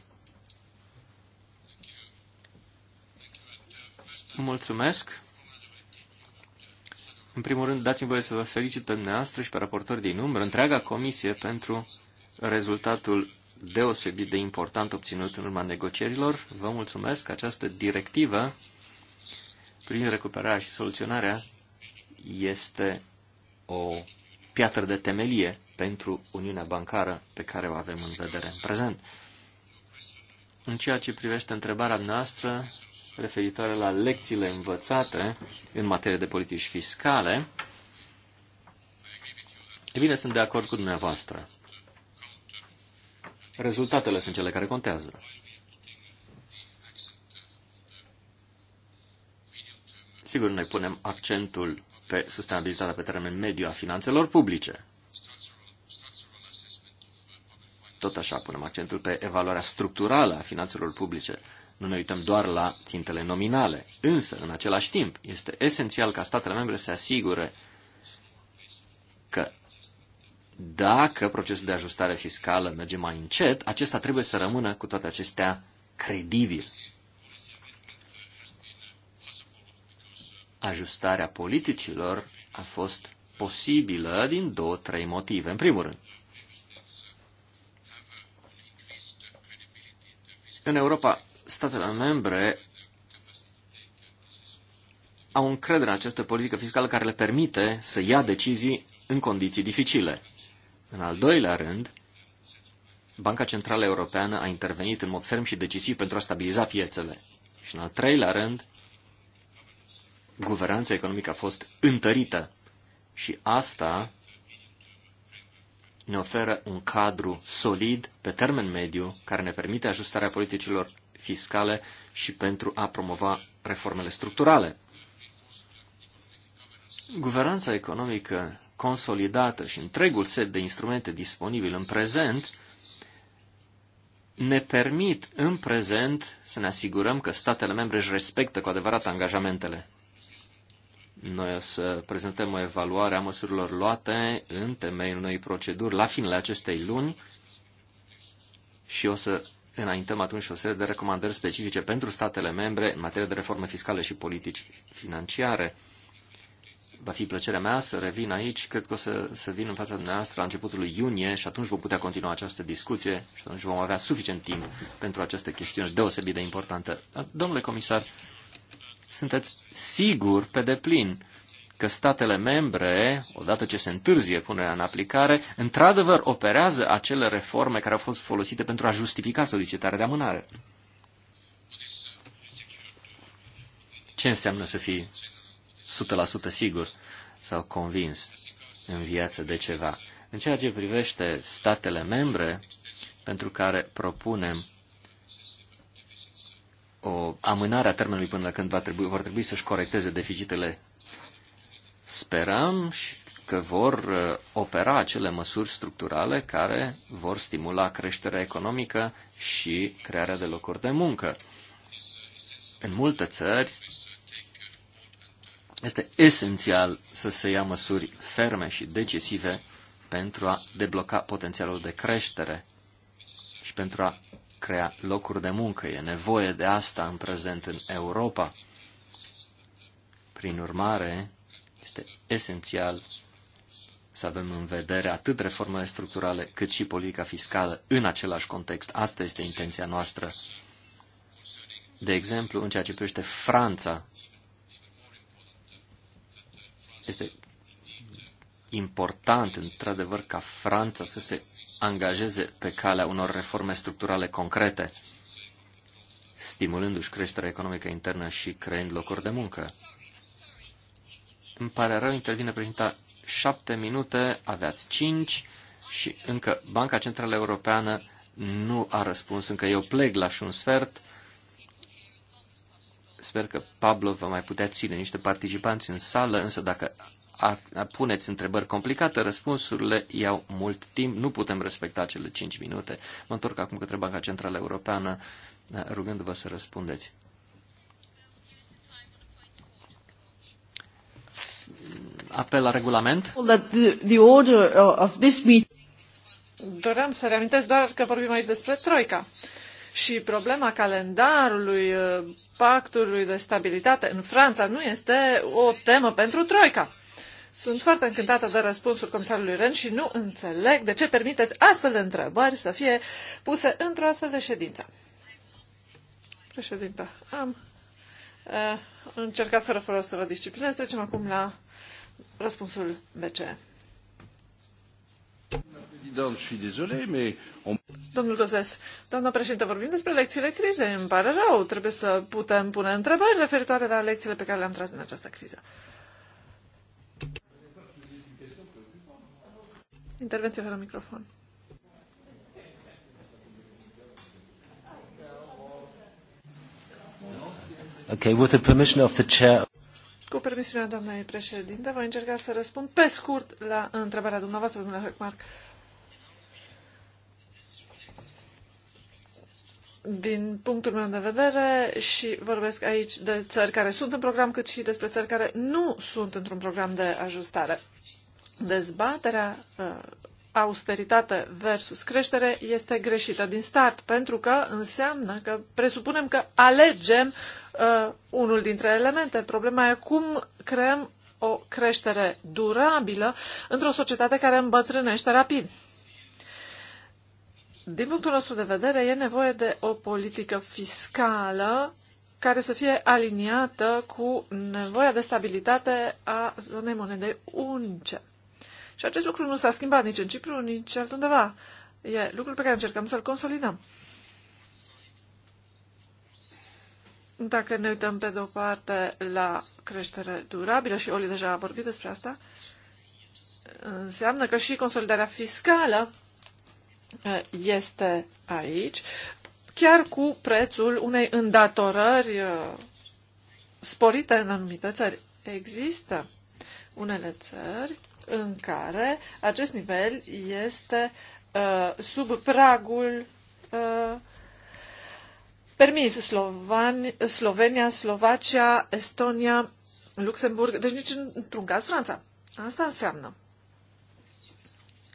Mulțumesc. În primul rând, dați-mi voie să vă felicit pe dumneavoastră și pe raportori din umbră, întreaga comisie pentru rezultatul deosebit de important obținut în urma negocierilor. Vă mulțumesc. Această directivă prin recuperarea și soluționarea este o piatră de temelie pentru Uniunea Bancară pe care o avem în vedere în prezent. În ceea ce privește întrebarea noastră referitoare la lecțiile învățate în materie de politici fiscale, e bine, sunt de acord cu dumneavoastră. Rezultatele sunt cele care contează. Sigur, noi punem accentul pe sustenabilitatea pe termen mediu a finanțelor publice. Tot așa punem accentul pe evaluarea structurală a finanțelor publice. Nu ne uităm doar la țintele nominale. Însă, în același timp, este esențial ca statele membre să asigure că dacă procesul de ajustare fiscală merge mai încet, acesta trebuie să rămână cu toate acestea credibil. Ajustarea politicilor a fost posibilă din două, trei motive. În primul rând, în Europa, statele membre au încredere în această politică fiscală care le permite să ia decizii în condiții dificile. În al doilea rând, Banca Centrală Europeană a intervenit în mod ferm și decisiv pentru a stabiliza piețele. Și în al treilea rând, guvernanța economică a fost întărită. Și asta ne oferă un cadru solid pe termen mediu care ne permite ajustarea politicilor fiscale și pentru a promova reformele structurale. Guvernanța economică consolidată și întregul set de instrumente disponibil în prezent ne permit în prezent să ne asigurăm că statele membre își respectă cu adevărat angajamentele. Noi o să prezentăm o evaluare a măsurilor luate în temeiul unei proceduri la finele acestei luni și o să înaintăm atunci o serie de recomandări specifice pentru statele membre în materie de reforme fiscale și politici financiare va fi plăcerea mea să revin aici. Cred că o să, să vin în fața dumneavoastră la începutul lui iunie și atunci vom putea continua această discuție și atunci vom avea suficient timp pentru această chestiune deosebit de importantă. Domnule comisar, sunteți sigur pe deplin că statele membre, odată ce se întârzie punerea în aplicare, într-adevăr operează acele reforme care au fost folosite pentru a justifica solicitarea de amânare. Ce înseamnă să fii 100% sigur sau convins în viață de ceva. În ceea ce privește statele membre pentru care propunem o amânare a termenului până la când va trebui, vor trebui să-și corecteze deficitele, sperăm și că vor uh, opera acele măsuri structurale care vor stimula creșterea economică și crearea de locuri de muncă. În multe țări, este esențial să se ia măsuri ferme și decisive pentru a debloca potențialul de creștere și pentru a crea locuri de muncă. E nevoie de asta în prezent în Europa. Prin urmare, este esențial să avem în vedere atât reformele structurale cât și politica fiscală în același context. Asta este intenția noastră. De exemplu, în ceea ce privește Franța, este important, într-adevăr, ca Franța să se angajeze pe calea unor reforme structurale concrete, stimulându-și creșterea economică internă și creând locuri de muncă. Îmi pare rău, intervine președinta șapte minute, aveați cinci și încă Banca Centrală Europeană nu a răspuns încă. Eu plec la și un sfert. Sper că Pablo va mai putea ține niște participanți în sală, însă dacă puneți întrebări complicate, răspunsurile iau mult timp, nu putem respecta cele 5 minute. Mă întorc acum către Banca Centrală Europeană, eh, rugându-vă să răspundeți. Apel la regulament. Doream să reamintesc doar că vorbim aici despre Troica. Și problema calendarului, uh, pactului de stabilitate în Franța nu este o temă pentru Troica. Sunt foarte încântată de răspunsul comisarului Ren și nu înțeleg de ce permiteți astfel de întrebări să fie puse într-o astfel de ședință. Președinte, am uh, încercat fără folos să vă disciplinez. Trecem acum la răspunsul BCE présidente, je mais on... Domnul Gozes, doamna președinte, vorbim despre lecțiile crizei. Îmi pare rău, trebuie să putem pune întrebări referitoare la lecțiile pe care le-am tras din această criză. Intervenție la microfon. Okay, with the permission of the chair. Cu permisiunea doamnei președinte, voi încerca să răspund pe scurt la întrebarea dumneavoastră, domnule Hoekmark. din punctul meu de vedere, și vorbesc aici de țări care sunt în program, cât și despre țări care nu sunt într-un program de ajustare. Dezbaterea uh, austeritate versus creștere este greșită din start, pentru că înseamnă că presupunem că alegem uh, unul dintre elemente. Problema e cum creăm o creștere durabilă într-o societate care îmbătrânește rapid. Din punctul nostru de vedere, e nevoie de o politică fiscală care să fie aliniată cu nevoia de stabilitate a zonei monedei unice. Și acest lucru nu s-a schimbat nici în Cipru, nici altundeva. E lucrul pe care încercăm să-l consolidăm. Dacă ne uităm pe de-o parte la creștere durabilă, și Oli deja a vorbit despre asta, înseamnă că și consolidarea fiscală este aici, chiar cu prețul unei îndatorări uh, sporite în anumite țări. Există unele țări în care acest nivel este uh, sub pragul uh, permis. Slovani, Slovenia, Slovacia, Estonia, Luxemburg, deci nici într-un caz Franța. Asta înseamnă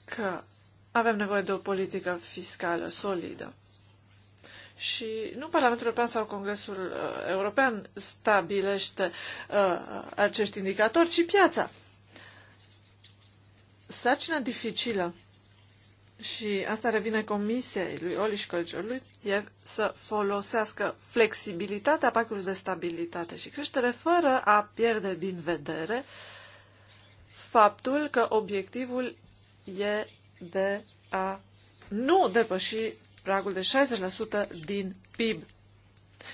că avem nevoie de o politică fiscală solidă. Și nu Parlamentul European sau Congresul uh, European stabilește uh, acești indicatori, ci piața. Sacina dificilă și asta revine comisiei lui Oli și colegilor e să folosească flexibilitatea pactului de stabilitate și creștere fără a pierde din vedere faptul că obiectivul e de a nu depăși pragul de 60% din PIB.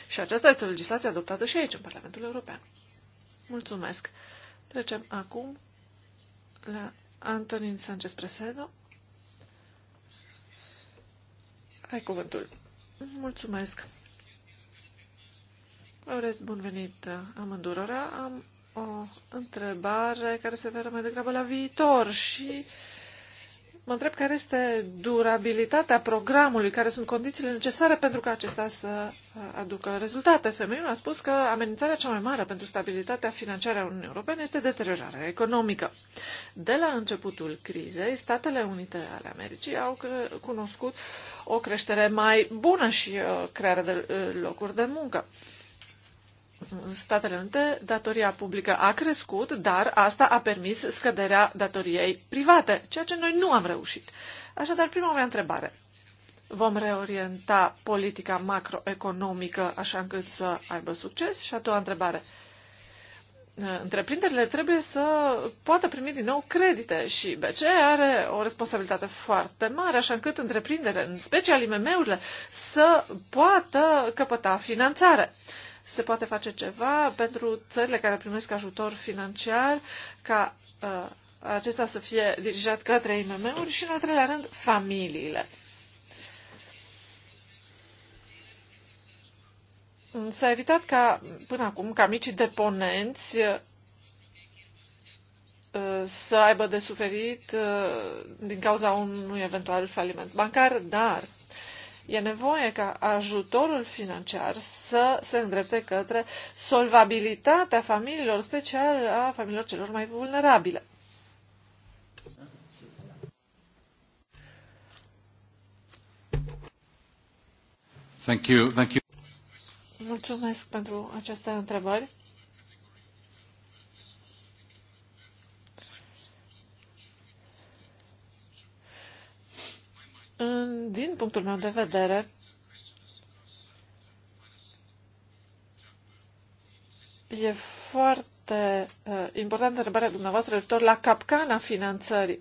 Și aceasta este o legislație adoptată și aici, în Parlamentul European. Mulțumesc. Trecem acum la Antonin Sanchez Presedo. Ai cuvântul. Mulțumesc. Vă urez bun venit uh, amândurora. Am o întrebare care se referă mai degrabă la viitor și uh, Mă întreb care este durabilitatea programului, care sunt condițiile necesare pentru ca acesta să uh, aducă rezultate. Femeiul a spus că amenințarea cea mai mare pentru stabilitatea financiară a Uniunii Europene este deteriorarea economică. De la începutul crizei, Statele Unite ale Americii au cunoscut o creștere mai bună și uh, crearea de uh, locuri de muncă. Statele Unite, datoria publică a crescut, dar asta a permis scăderea datoriei private, ceea ce noi nu am reușit. Așadar, prima mea întrebare. Vom reorienta politica macroeconomică așa încât să aibă succes? Și a doua întrebare. Întreprinderile trebuie să poată primi din nou credite și BCE are o responsabilitate foarte mare, așa încât întreprinderile, în special IMM-urile, să poată căpăta finanțare se poate face ceva pentru țările care primesc ajutor financiar, ca uh, acesta să fie dirijat către IMM-uri și, în al treilea rând, familiile. S-a evitat ca, până acum, ca micii deponenți uh, să aibă de suferit uh, din cauza unui eventual faliment bancar, dar E nevoie ca ajutorul financiar să se îndrepte către solvabilitatea familiilor, special a familiilor celor mai vulnerabile. Thank you. Thank you. Mulțumesc pentru aceste întrebări. În, din punctul meu de vedere, e foarte uh, importantă întrebarea dumneavoastră referitor la capcana finanțării.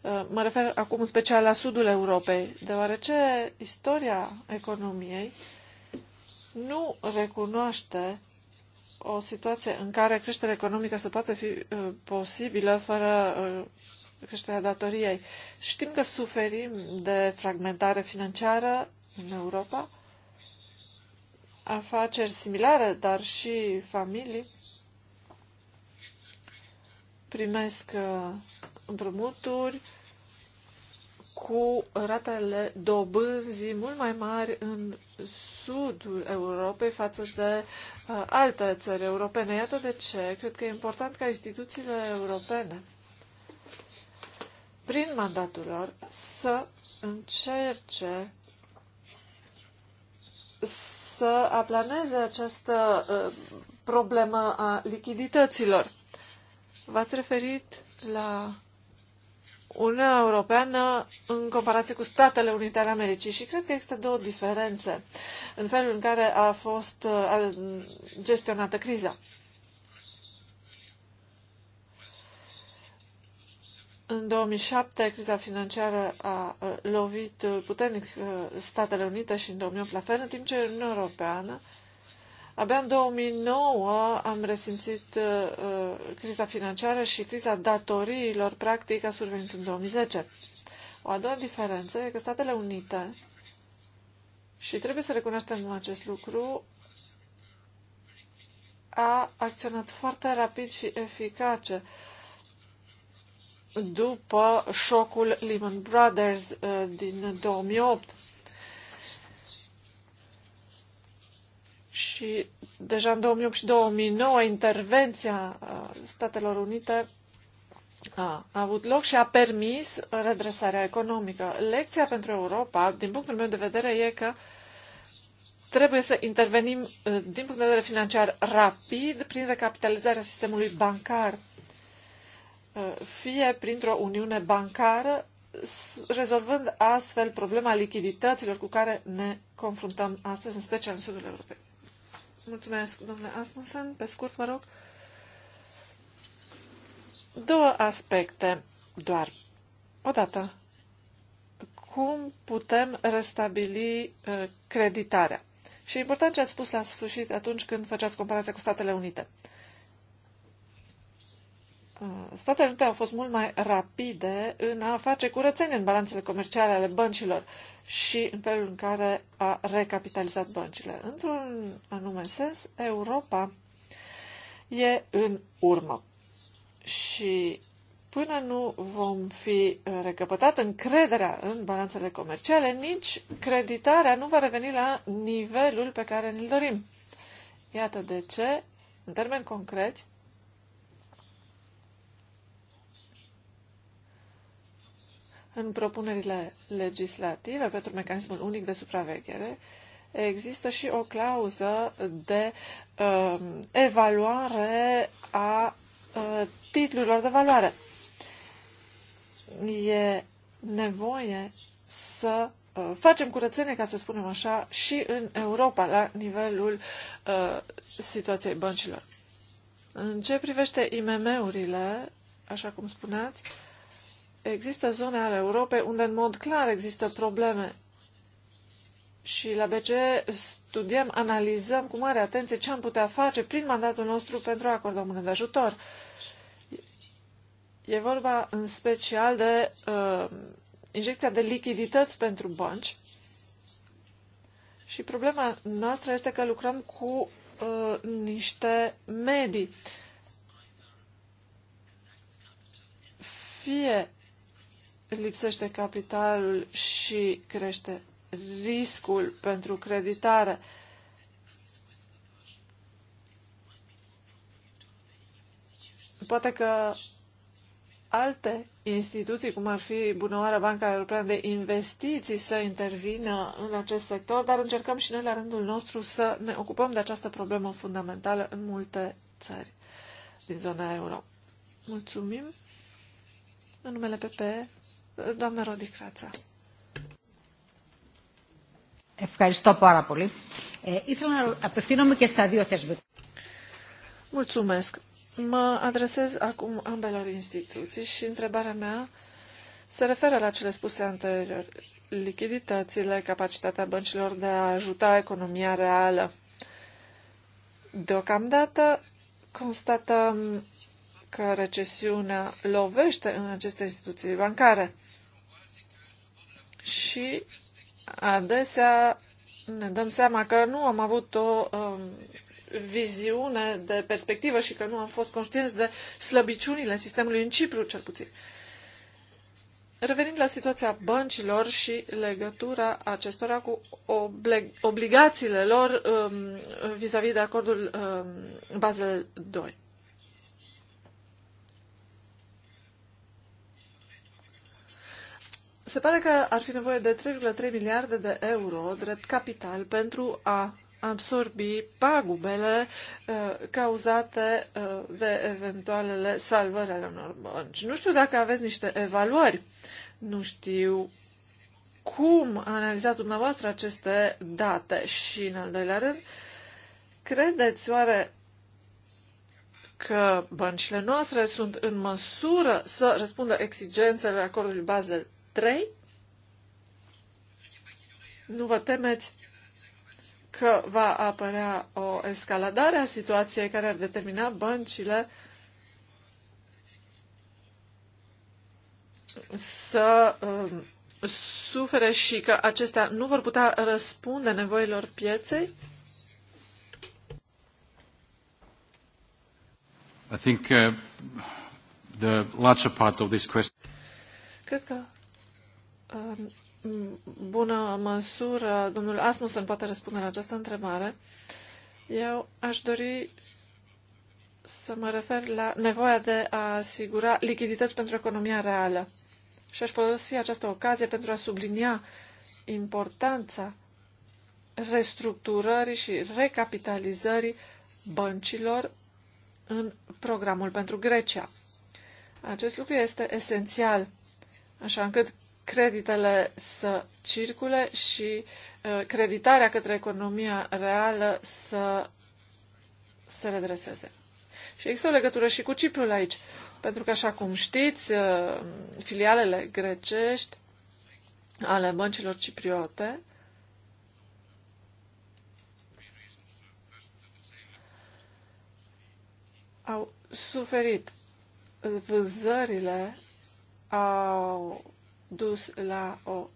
Uh, mă refer acum în special la sudul Europei, deoarece istoria economiei nu recunoaște o situație în care creșterea economică să poate fi uh, posibilă fără uh, creșterea datoriei. Știm că suferim de fragmentare financiară în Europa, afaceri similare, dar și familii primesc uh, împrumuturi cu ratele dobânzii mult mai mari în sudul Europei față de uh, alte țări europene. Iată de ce cred că e important ca instituțiile europene prin mandatul lor să încerce să aplaneze această uh, problemă a lichidităților. V-ați referit la Uniunea Europeană în comparație cu Statele Unite ale Americii și cred că există două diferențe în felul în care a fost uh, gestionată criza. În 2007, criza financiară a lovit uh, puternic uh, Statele Unite și în 2008 la fel, în timp ce în Europeană Abia în 2009 am resimțit uh, criza financiară și criza datoriilor, practic, a survenit în 2010. O a doua diferență e că Statele Unite, și trebuie să recunoaștem acest lucru, a acționat foarte rapid și eficace după șocul Lehman Brothers uh, din 2008. Și deja în 2008 și 2009 intervenția uh, Statelor Unite a, avut loc și a permis redresarea economică. Lecția pentru Europa, din punctul meu de vedere, e că trebuie să intervenim uh, din punct de vedere financiar rapid prin recapitalizarea sistemului bancar fie printr-o uniune bancară, rezolvând astfel problema lichidităților cu care ne confruntăm astăzi, în special în sudul Europei. Mulțumesc, domnule Asmussen. Pe scurt, vă rog. Două aspecte doar. Odată, cum putem restabili uh, creditarea? Și e important ce ați spus la sfârșit atunci când făceați comparația cu Statele Unite. Uh, Statele Unite au fost mult mai rapide în a face curățenie în balanțele comerciale ale băncilor și în felul în care a recapitalizat băncile. Într-un anume sens, Europa e în urmă. Și până nu vom fi uh, recăpătat încrederea în balanțele comerciale, nici creditarea nu va reveni la nivelul pe care ne-l dorim. Iată de ce, în termeni concreți, În propunerile legislative pentru mecanismul unic de supraveghere există și o clauză de uh, evaluare a uh, titlurilor de valoare. E nevoie să uh, facem curățenie, ca să spunem așa, și în Europa, la nivelul uh, situației băncilor. În ce privește IMM-urile, așa cum spuneați, uh, Există zone ale Europei unde în mod clar există probleme și la BCE studiem, analizăm cu mare atenție ce am putea face prin mandatul nostru pentru a acorda mână de ajutor. E vorba în special de uh, injecția de lichidități pentru bănci și problema noastră este că lucrăm cu uh, niște medii. Fie lipsește capitalul și crește riscul pentru creditare. Poate că alte instituții, cum ar fi Bunăoară Banca Europeană de Investiții, să intervină în acest sector, dar încercăm și noi la rândul nostru să ne ocupăm de această problemă fundamentală în multe țări din zona euro. Mulțumim. În numele PP, Doamna Rodicrața. Ευχαριστώ πάρα πολύ. Ε, ήθελα να απευθύνομαι και στα δύο θεσμικά. Mulțumesc. Mă adresez acum ambelor instituții și întrebarea mea se referă la cele spuse anterior. Lichiditățile, capacitatea băncilor de a ajuta economia reală. Deocamdată constatăm că recesiunea lovește în aceste instituții bancare și adesea ne dăm seama că nu am avut o um, viziune de perspectivă și că nu am fost conștienți de slăbiciunile sistemului în Cipru, cel puțin. Revenind la situația băncilor și legătura acestora cu obligațiile lor um, vis-a-vis um, -vis de acordul um, Basel II. Se pare că ar fi nevoie de 3,3 miliarde de euro drept capital pentru a absorbi pagubele uh, cauzate uh, de eventualele salvări ale unor bănci. Nu știu dacă aveți niște evaluări, nu știu cum analizați dumneavoastră aceste date și, în al doilea rând, credeți oare că băncile noastre sunt în măsură să răspundă exigențele acordului Basel 3. Nu vă temeți că va apărea o escaladare a situației care ar determina băncile să um, sufere și că acestea nu vor putea răspunde nevoilor pieței? I think uh, the larger part of this question. Cred că bună măsură domnul Asmussen poate răspunde la această întrebare. Eu aș dori să mă refer la nevoia de a asigura lichidități pentru economia reală. Și aș folosi această ocazie pentru a sublinia importanța restructurării și recapitalizării băncilor în programul pentru Grecia. Acest lucru este esențial, așa încât creditele să circule și uh, creditarea către economia reală să se redreseze. Și există o legătură și cu Ciprul aici, pentru că, așa cum știți, uh, filialele grecești ale băncilor cipriote au suferit vânzările au dus la o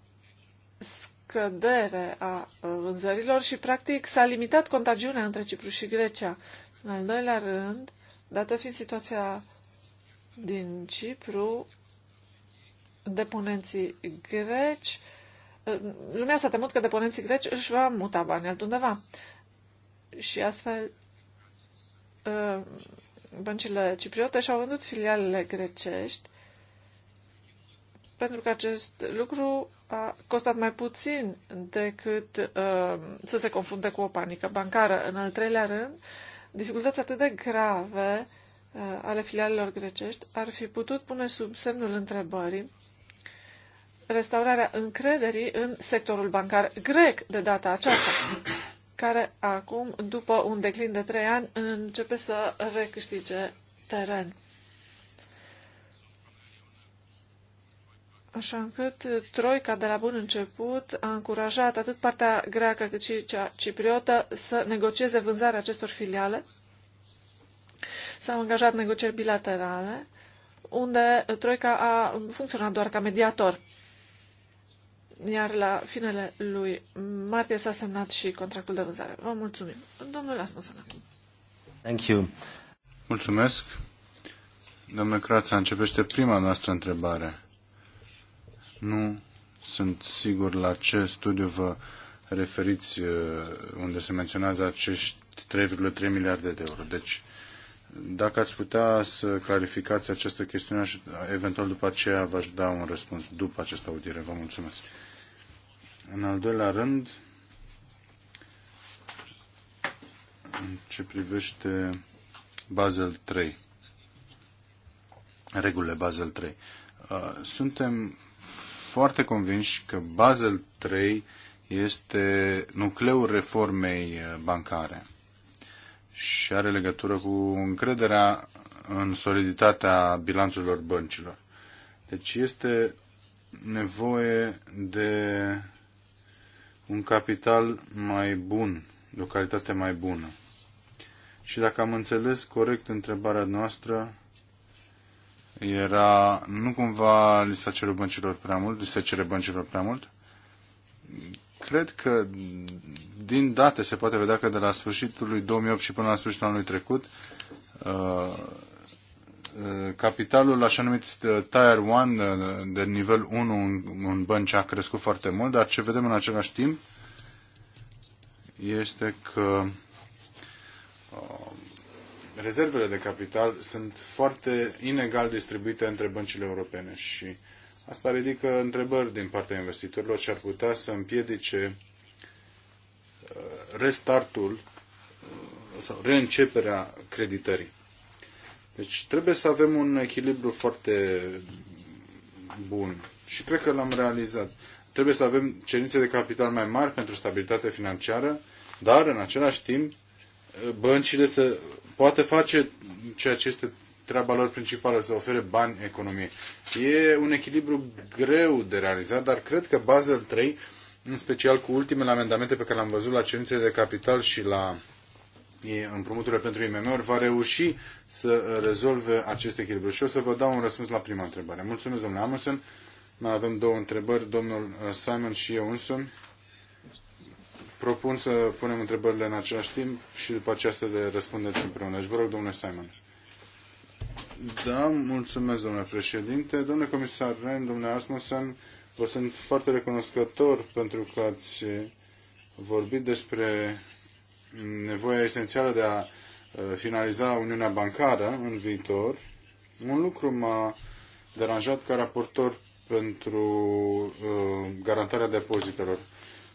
scădere a uh, vânzărilor și, practic, s-a limitat contagiunea între Cipru și Grecia. În al doilea rând, dată fiind situația din Cipru, deponenții greci, uh, lumea s-a temut că deponenții greci își va muta banii altundeva. Și astfel, uh, băncile cipriote și-au vândut filialele grecești pentru că acest lucru a costat mai puțin decât uh, să se confunde cu o panică bancară. În al treilea rând, dificultăți atât de grave uh, ale filialelor grecești ar fi putut pune sub semnul întrebării restaurarea încrederii în sectorul bancar grec de data aceasta, care acum, după un declin de trei ani, începe să recâștige teren. Așa încât uh, Troica de la bun început a încurajat atât partea greacă cât și cea cipriotă să negocieze vânzarea acestor filiale. S-au angajat negocieri bilaterale, unde uh, Troica a funcționat doar ca mediator. Iar la finele lui martie s-a semnat și contractul de vânzare. Vă mulțumim. Domnul Asmussen. Thank you. Mulțumesc. Domnule Crața, începește prima noastră întrebare. Nu sunt sigur la ce studiu vă referiți uh, unde se menționează acești 3,3 miliarde de euro. Deci, dacă ați putea să clarificați această chestiune și uh, eventual după aceea v-aș da un răspuns după această audiere. Vă mulțumesc. În al doilea rând, în ce privește Basel 3, regulile Basel 3, uh, suntem foarte convinși că Basel III este nucleul reformei eh, bancare și are legătură cu încrederea în soliditatea bilanțurilor băncilor. Deci este nevoie de un capital mai bun, de o calitate mai bună. Și dacă am înțeles corect întrebarea noastră, era nu cumva li s-a cerut băncilor prea mult, li se cere băncilor prea mult. Cred că din date se poate vedea că de la sfârșitul lui 2008 și până la sfârșitul anului trecut, uh, uh, capitalul așa numit uh, Tier 1 de nivel 1 în bănci a crescut foarte mult, dar ce vedem în același timp este că rezervele de capital sunt foarte inegal distribuite între băncile europene și asta ridică întrebări din partea investitorilor și ar putea să împiedice uh, restartul uh, sau reînceperea creditării. Deci trebuie să avem un echilibru foarte bun și cred că l-am realizat. Trebuie să avem cerințe de capital mai mari pentru stabilitate financiară, dar în același timp uh, băncile să Poate face ceea ce este treaba lor principală, să ofere bani economiei. E un echilibru greu de realizat, dar cred că Basel 3, în special cu ultimele amendamente pe care le-am văzut la cerințele de capital și la împrumuturile pentru IMM-uri, va reuși să rezolve acest echilibru. Și o să vă dau un răspuns la prima întrebare. Mulțumesc, domnule Amundsen. Mai avem două întrebări, domnul uh, Simon și eu însumi propun să punem întrebările în același timp și după aceea să le răspundeți împreună. Și deci, vă rog, domnule Simon. Da, mulțumesc, domnule președinte. Domnule comisar Ren, domnule Asmussen, vă sunt foarte recunoscător pentru că ați vorbit despre nevoia esențială de a uh, finaliza Uniunea Bancară în viitor. Un lucru m-a deranjat ca raportor pentru uh, garantarea depozitelor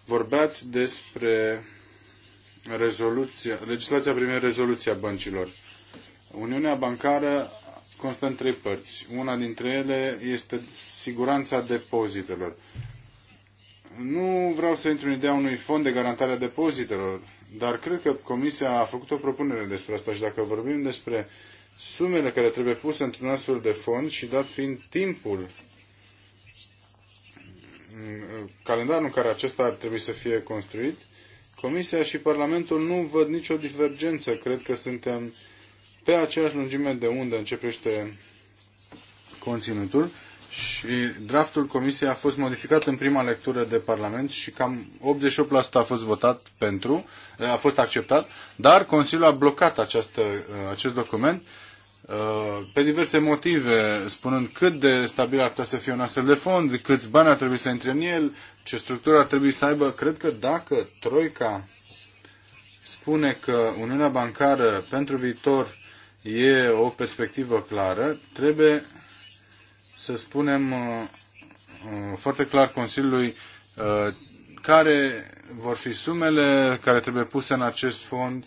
vorbeați despre rezoluția, legislația privind rezoluția băncilor. Uniunea bancară constă în trei părți. Una dintre ele este siguranța depozitelor. Nu vreau să intru în ideea unui fond de garantare a depozitelor, dar cred că Comisia a făcut o propunere despre asta și dacă vorbim despre sumele care trebuie puse într-un astfel de fond și dat fiind timpul calendarul în care acesta ar trebui să fie construit, Comisia și Parlamentul nu văd nicio divergență. Cred că suntem pe aceeași lungime de undă în ce privește conținutul și draftul Comisiei a fost modificat în prima lectură de Parlament și cam 88% a fost votat pentru, a fost acceptat, dar Consiliul a blocat această, acest document Uh, pe diverse motive, spunând cât de stabil ar putea să fie un astfel de fond, câți bani ar trebui să intre în el, ce structură ar trebui să aibă. Cred că dacă Troica spune că Uniunea Bancară pentru viitor e o perspectivă clară, trebuie să spunem uh, uh, foarte clar Consiliului care vor fi sumele care trebuie puse în acest fond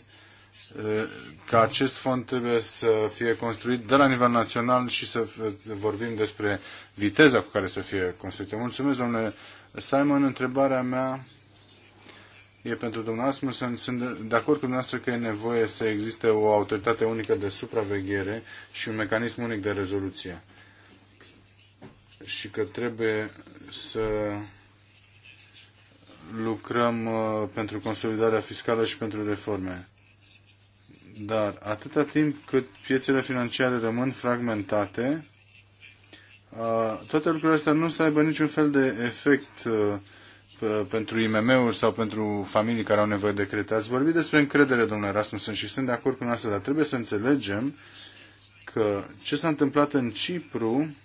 că acest fond trebuie să fie construit de la nivel național și să vorbim despre viteza cu care să fie construit. mulțumesc, domnule Simon. Întrebarea mea e pentru domnul Asmussen. Sunt de acord cu dumneavoastră că e nevoie să existe o autoritate unică de supraveghere și un mecanism unic de rezoluție. Și că trebuie să lucrăm uh, pentru consolidarea fiscală și pentru reforme. Dar atâta timp cât piețele financiare rămân fragmentate, toate lucrurile astea nu să aibă niciun fel de efect pentru IMM-uri sau pentru familii care au nevoie de credit. Ați vorbit despre încredere, domnule Rasmussen, și sunt de acord cu noastră, dar trebuie să înțelegem că ce s-a întâmplat în Cipru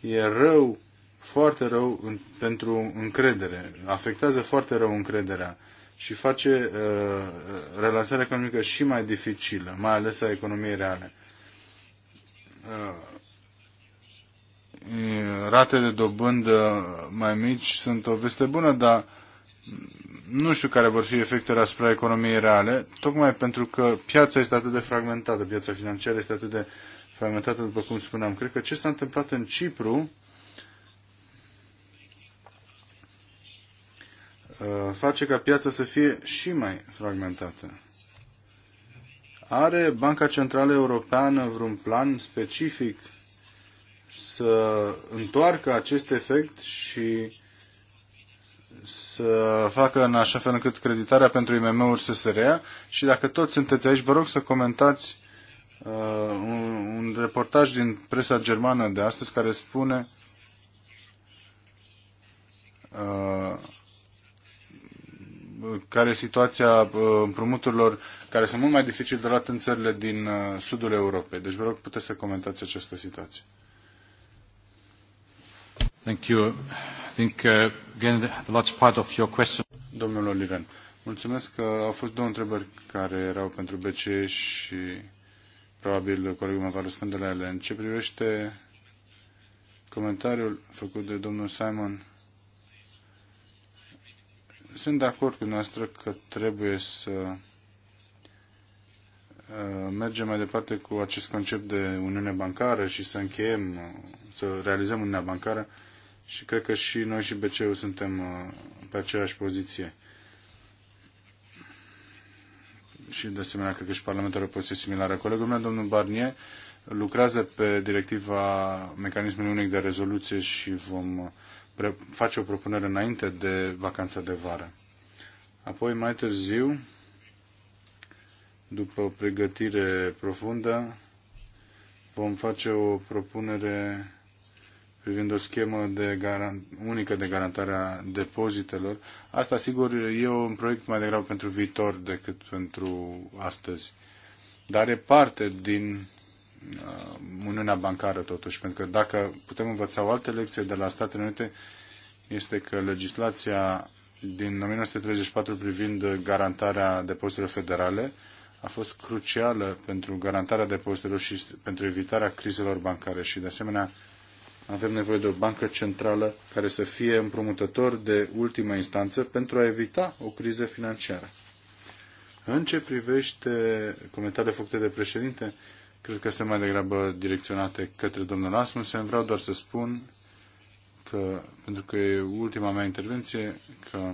e rău, foarte rău pentru încredere. Afectează foarte rău încrederea și face uh, uh, relansarea economică și mai dificilă, mai ales a economiei reale. Uh, rate de dobândă mai mici sunt o veste bună, dar nu știu care vor fi efectele asupra economiei reale, tocmai pentru că piața este atât de fragmentată, piața financiară este atât de fragmentată, după cum spuneam. Cred că ce s-a întâmplat în Cipru Uh, face ca piața să fie și mai fragmentată. Are Banca Centrală Europeană vreun plan specific să întoarcă acest efect și să facă în așa fel încât creditarea pentru IMM-uri să se rea? Și dacă toți sunteți aici, vă rog să comentați uh, un, un reportaj din presa germană de astăzi care spune uh, care e situația uh, împrumuturilor care sunt mult mai dificil de luat în țările din uh, sudul Europei. Deci vă rog puteți să comentați această situație. Thank you. I think, uh, again, the large part of your question... Domnul Oliven, mulțumesc că au fost două întrebări care erau pentru BCE și probabil colegul meu va răspunde la ele. În ce privește comentariul făcut de domnul Simon sunt de acord cu noastră că trebuie să uh, mergem mai departe cu acest concept de Uniune Bancară și să încheiem, să realizăm Uniunea Bancară și cred că și noi și bce suntem uh, pe aceeași poziție. Și de asemenea, cred că și Parlamentul are o poziție similară. Colegul meu, domnul Barnier, lucrează pe directiva mecanismului unic de rezoluție și vom uh, face o propunere înainte de vacanța de vară. Apoi, mai târziu, după o pregătire profundă, vom face o propunere privind o schemă de unică de garantare a depozitelor. Asta, sigur, e un proiect mai degrabă pentru viitor decât pentru astăzi, dar e parte din Uh, Uniunea Bancară totuși, pentru că dacă putem învăța o altă lecție de la Statele Unite, este că legislația din 1934 privind garantarea depozitelor federale a fost crucială pentru garantarea depozitelor și pentru evitarea crizelor bancare și de asemenea avem nevoie de o bancă centrală care să fie împrumutător de ultimă instanță pentru a evita o criză financiară. În ce privește comentariile făcute de președinte, Cred că sunt mai degrabă direcționate către domnul Asmussen. Vreau doar să spun că, pentru că e ultima mea intervenție, că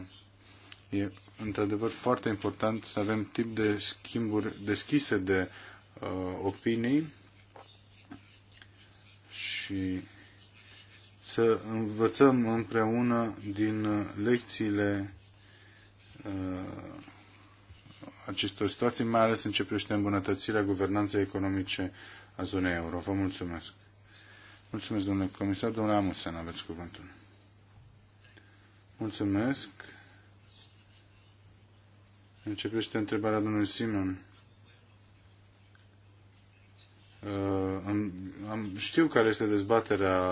e într-adevăr foarte important să avem tip de schimburi deschise de uh, opinii și să învățăm împreună din lecțiile uh, acestor situații, mai ales în ce privește îmbunătățirea guvernanței economice a zonei euro. Vă mulțumesc. Mulțumesc, domnule comisar. Domnule Amusen, aveți cuvântul. Mulțumesc. Începește întrebarea domnului Simon. Uh, am, am, știu care este dezbaterea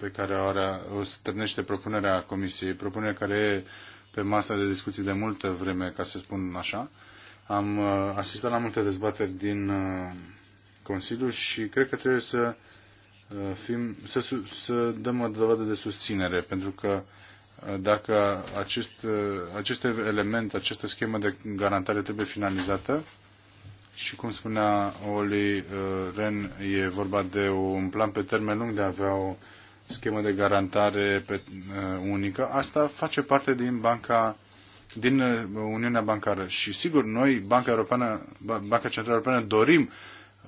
pe care o, are, o strânește propunerea Comisiei, propunerea care e pe masa de discuții de multă vreme, ca să spun așa. Am uh, asistat la multe dezbateri din uh, Consiliu și cred că trebuie să, uh, fim, să, să dăm o dovadă de susținere, pentru că dacă acest, acest element, această schemă de garantare trebuie finalizată, și cum spunea Oli Ren, e vorba de un plan pe termen lung de a avea o schemă de garantare pe, uh, unică, asta face parte din banca din uh, Uniunea Bancară. Și sigur, noi, Banca, Europeană, Banca Centrală Europeană, dorim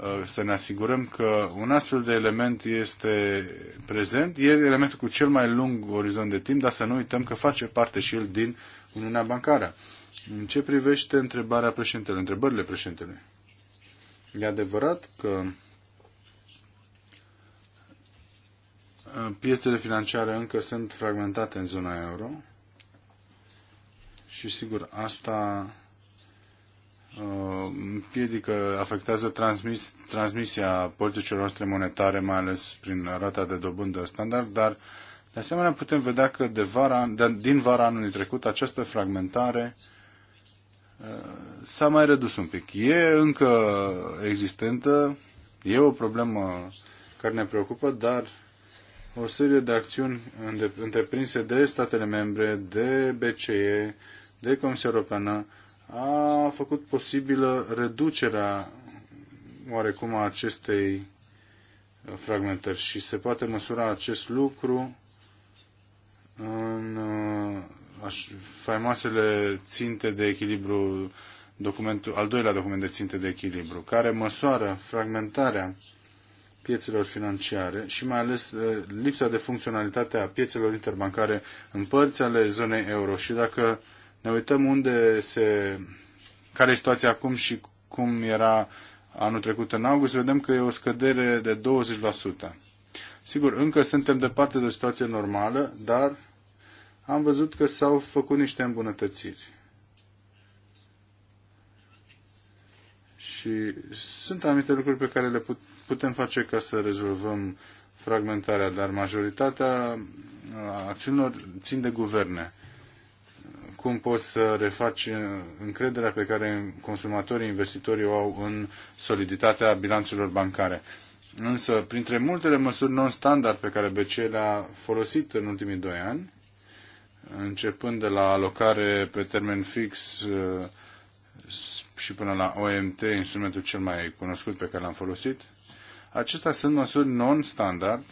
uh, să ne asigurăm că un astfel de element este prezent, e elementul cu cel mai lung orizont de timp, dar să nu uităm că face parte și el din Uniunea Bancară. În ce privește întrebarea președintelui, întrebările președintelui? E adevărat că Uh, piețele financiare încă sunt fragmentate în zona euro și sigur asta uh, împiedică, afectează transmis, transmisia politicilor noastre monetare, mai ales prin rata de dobândă standard, dar de asemenea putem vedea că de vara, de, din vara anului trecut această fragmentare uh, s-a mai redus un pic. E încă existentă, e o problemă care ne preocupă, dar o serie de acțiuni întreprinse de statele membre, de BCE, de Comisia Europeană, a făcut posibilă reducerea oarecum a acestei uh, fragmentări și se poate măsura acest lucru în uh, faimoasele ținte de echilibru, documentul, al doilea document de ținte de echilibru, care măsoară fragmentarea piețelor financiare și mai ales uh, lipsa de funcționalitate a piețelor interbancare în părți ale zonei euro. Și dacă ne uităm unde se, care e situația acum și cum era anul trecut în august, vedem că e o scădere de 20%. Sigur, încă suntem departe de o situație normală, dar am văzut că s-au făcut niște îmbunătățiri. Și sunt anumite lucruri pe care le putem face ca să rezolvăm fragmentarea, dar majoritatea uh, acțiunilor țin de guverne. Cum poți să refaci uh, încrederea pe care consumatorii, investitorii o au în soliditatea bilanțelor bancare? Însă, printre multele măsuri non-standard pe care BCE le-a folosit în ultimii doi ani, începând de la alocare pe termen fix uh, și până la OMT, instrumentul cel mai cunoscut pe care l-am folosit. Acestea sunt măsuri non-standard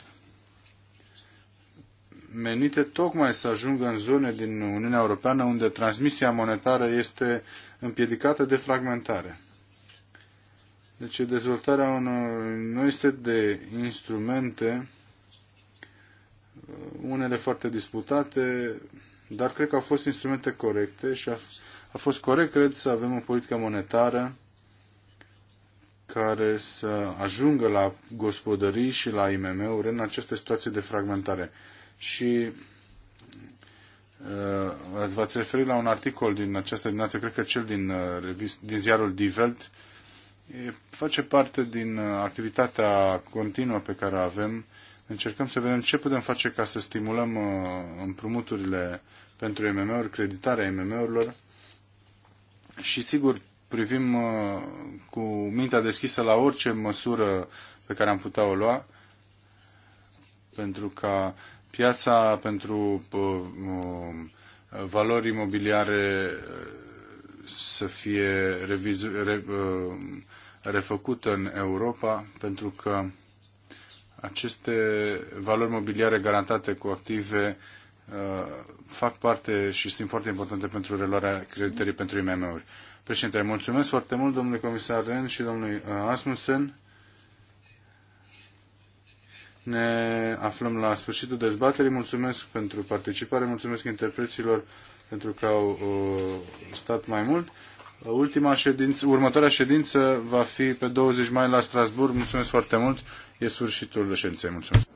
menite tocmai să ajungă în zone din Uniunea Europeană unde transmisia monetară este împiedicată de fragmentare. Deci dezvoltarea unor noi set de instrumente, unele foarte disputate, dar cred că au fost instrumente corecte și a a fost corect, cred, să avem o politică monetară care să ajungă la gospodării și la IMM-uri în aceste situații de fragmentare. Și uh, v-ați referit la un articol din această dimineață, cred că cel din, uh, revist, din ziarul Die Welt, e, face parte din uh, activitatea continuă pe care o avem. Încercăm să vedem ce putem face ca să stimulăm uh, împrumuturile pentru IMM-uri, creditarea IMM-urilor și sigur privim uh, cu mintea deschisă la orice măsură pe care am putea o lua pentru ca piața pentru uh, uh, valori imobiliare să fie revizu, re, refăcută în Europa, pentru că aceste valori mobiliare garantate cu active Uh, fac parte și sunt foarte importante pentru reluarea creditării pentru IMM-uri. Președinte, mulțumesc foarte mult domnului comisar Ren și domnului uh, Asmussen. Ne aflăm la sfârșitul dezbaterii. Mulțumesc pentru participare, mulțumesc interpreților pentru că au uh, stat mai mult. Ultima ședință, următoarea ședință va fi pe 20 mai la Strasburg. Mulțumesc foarte mult. E sfârșitul ședinței. Mulțumesc.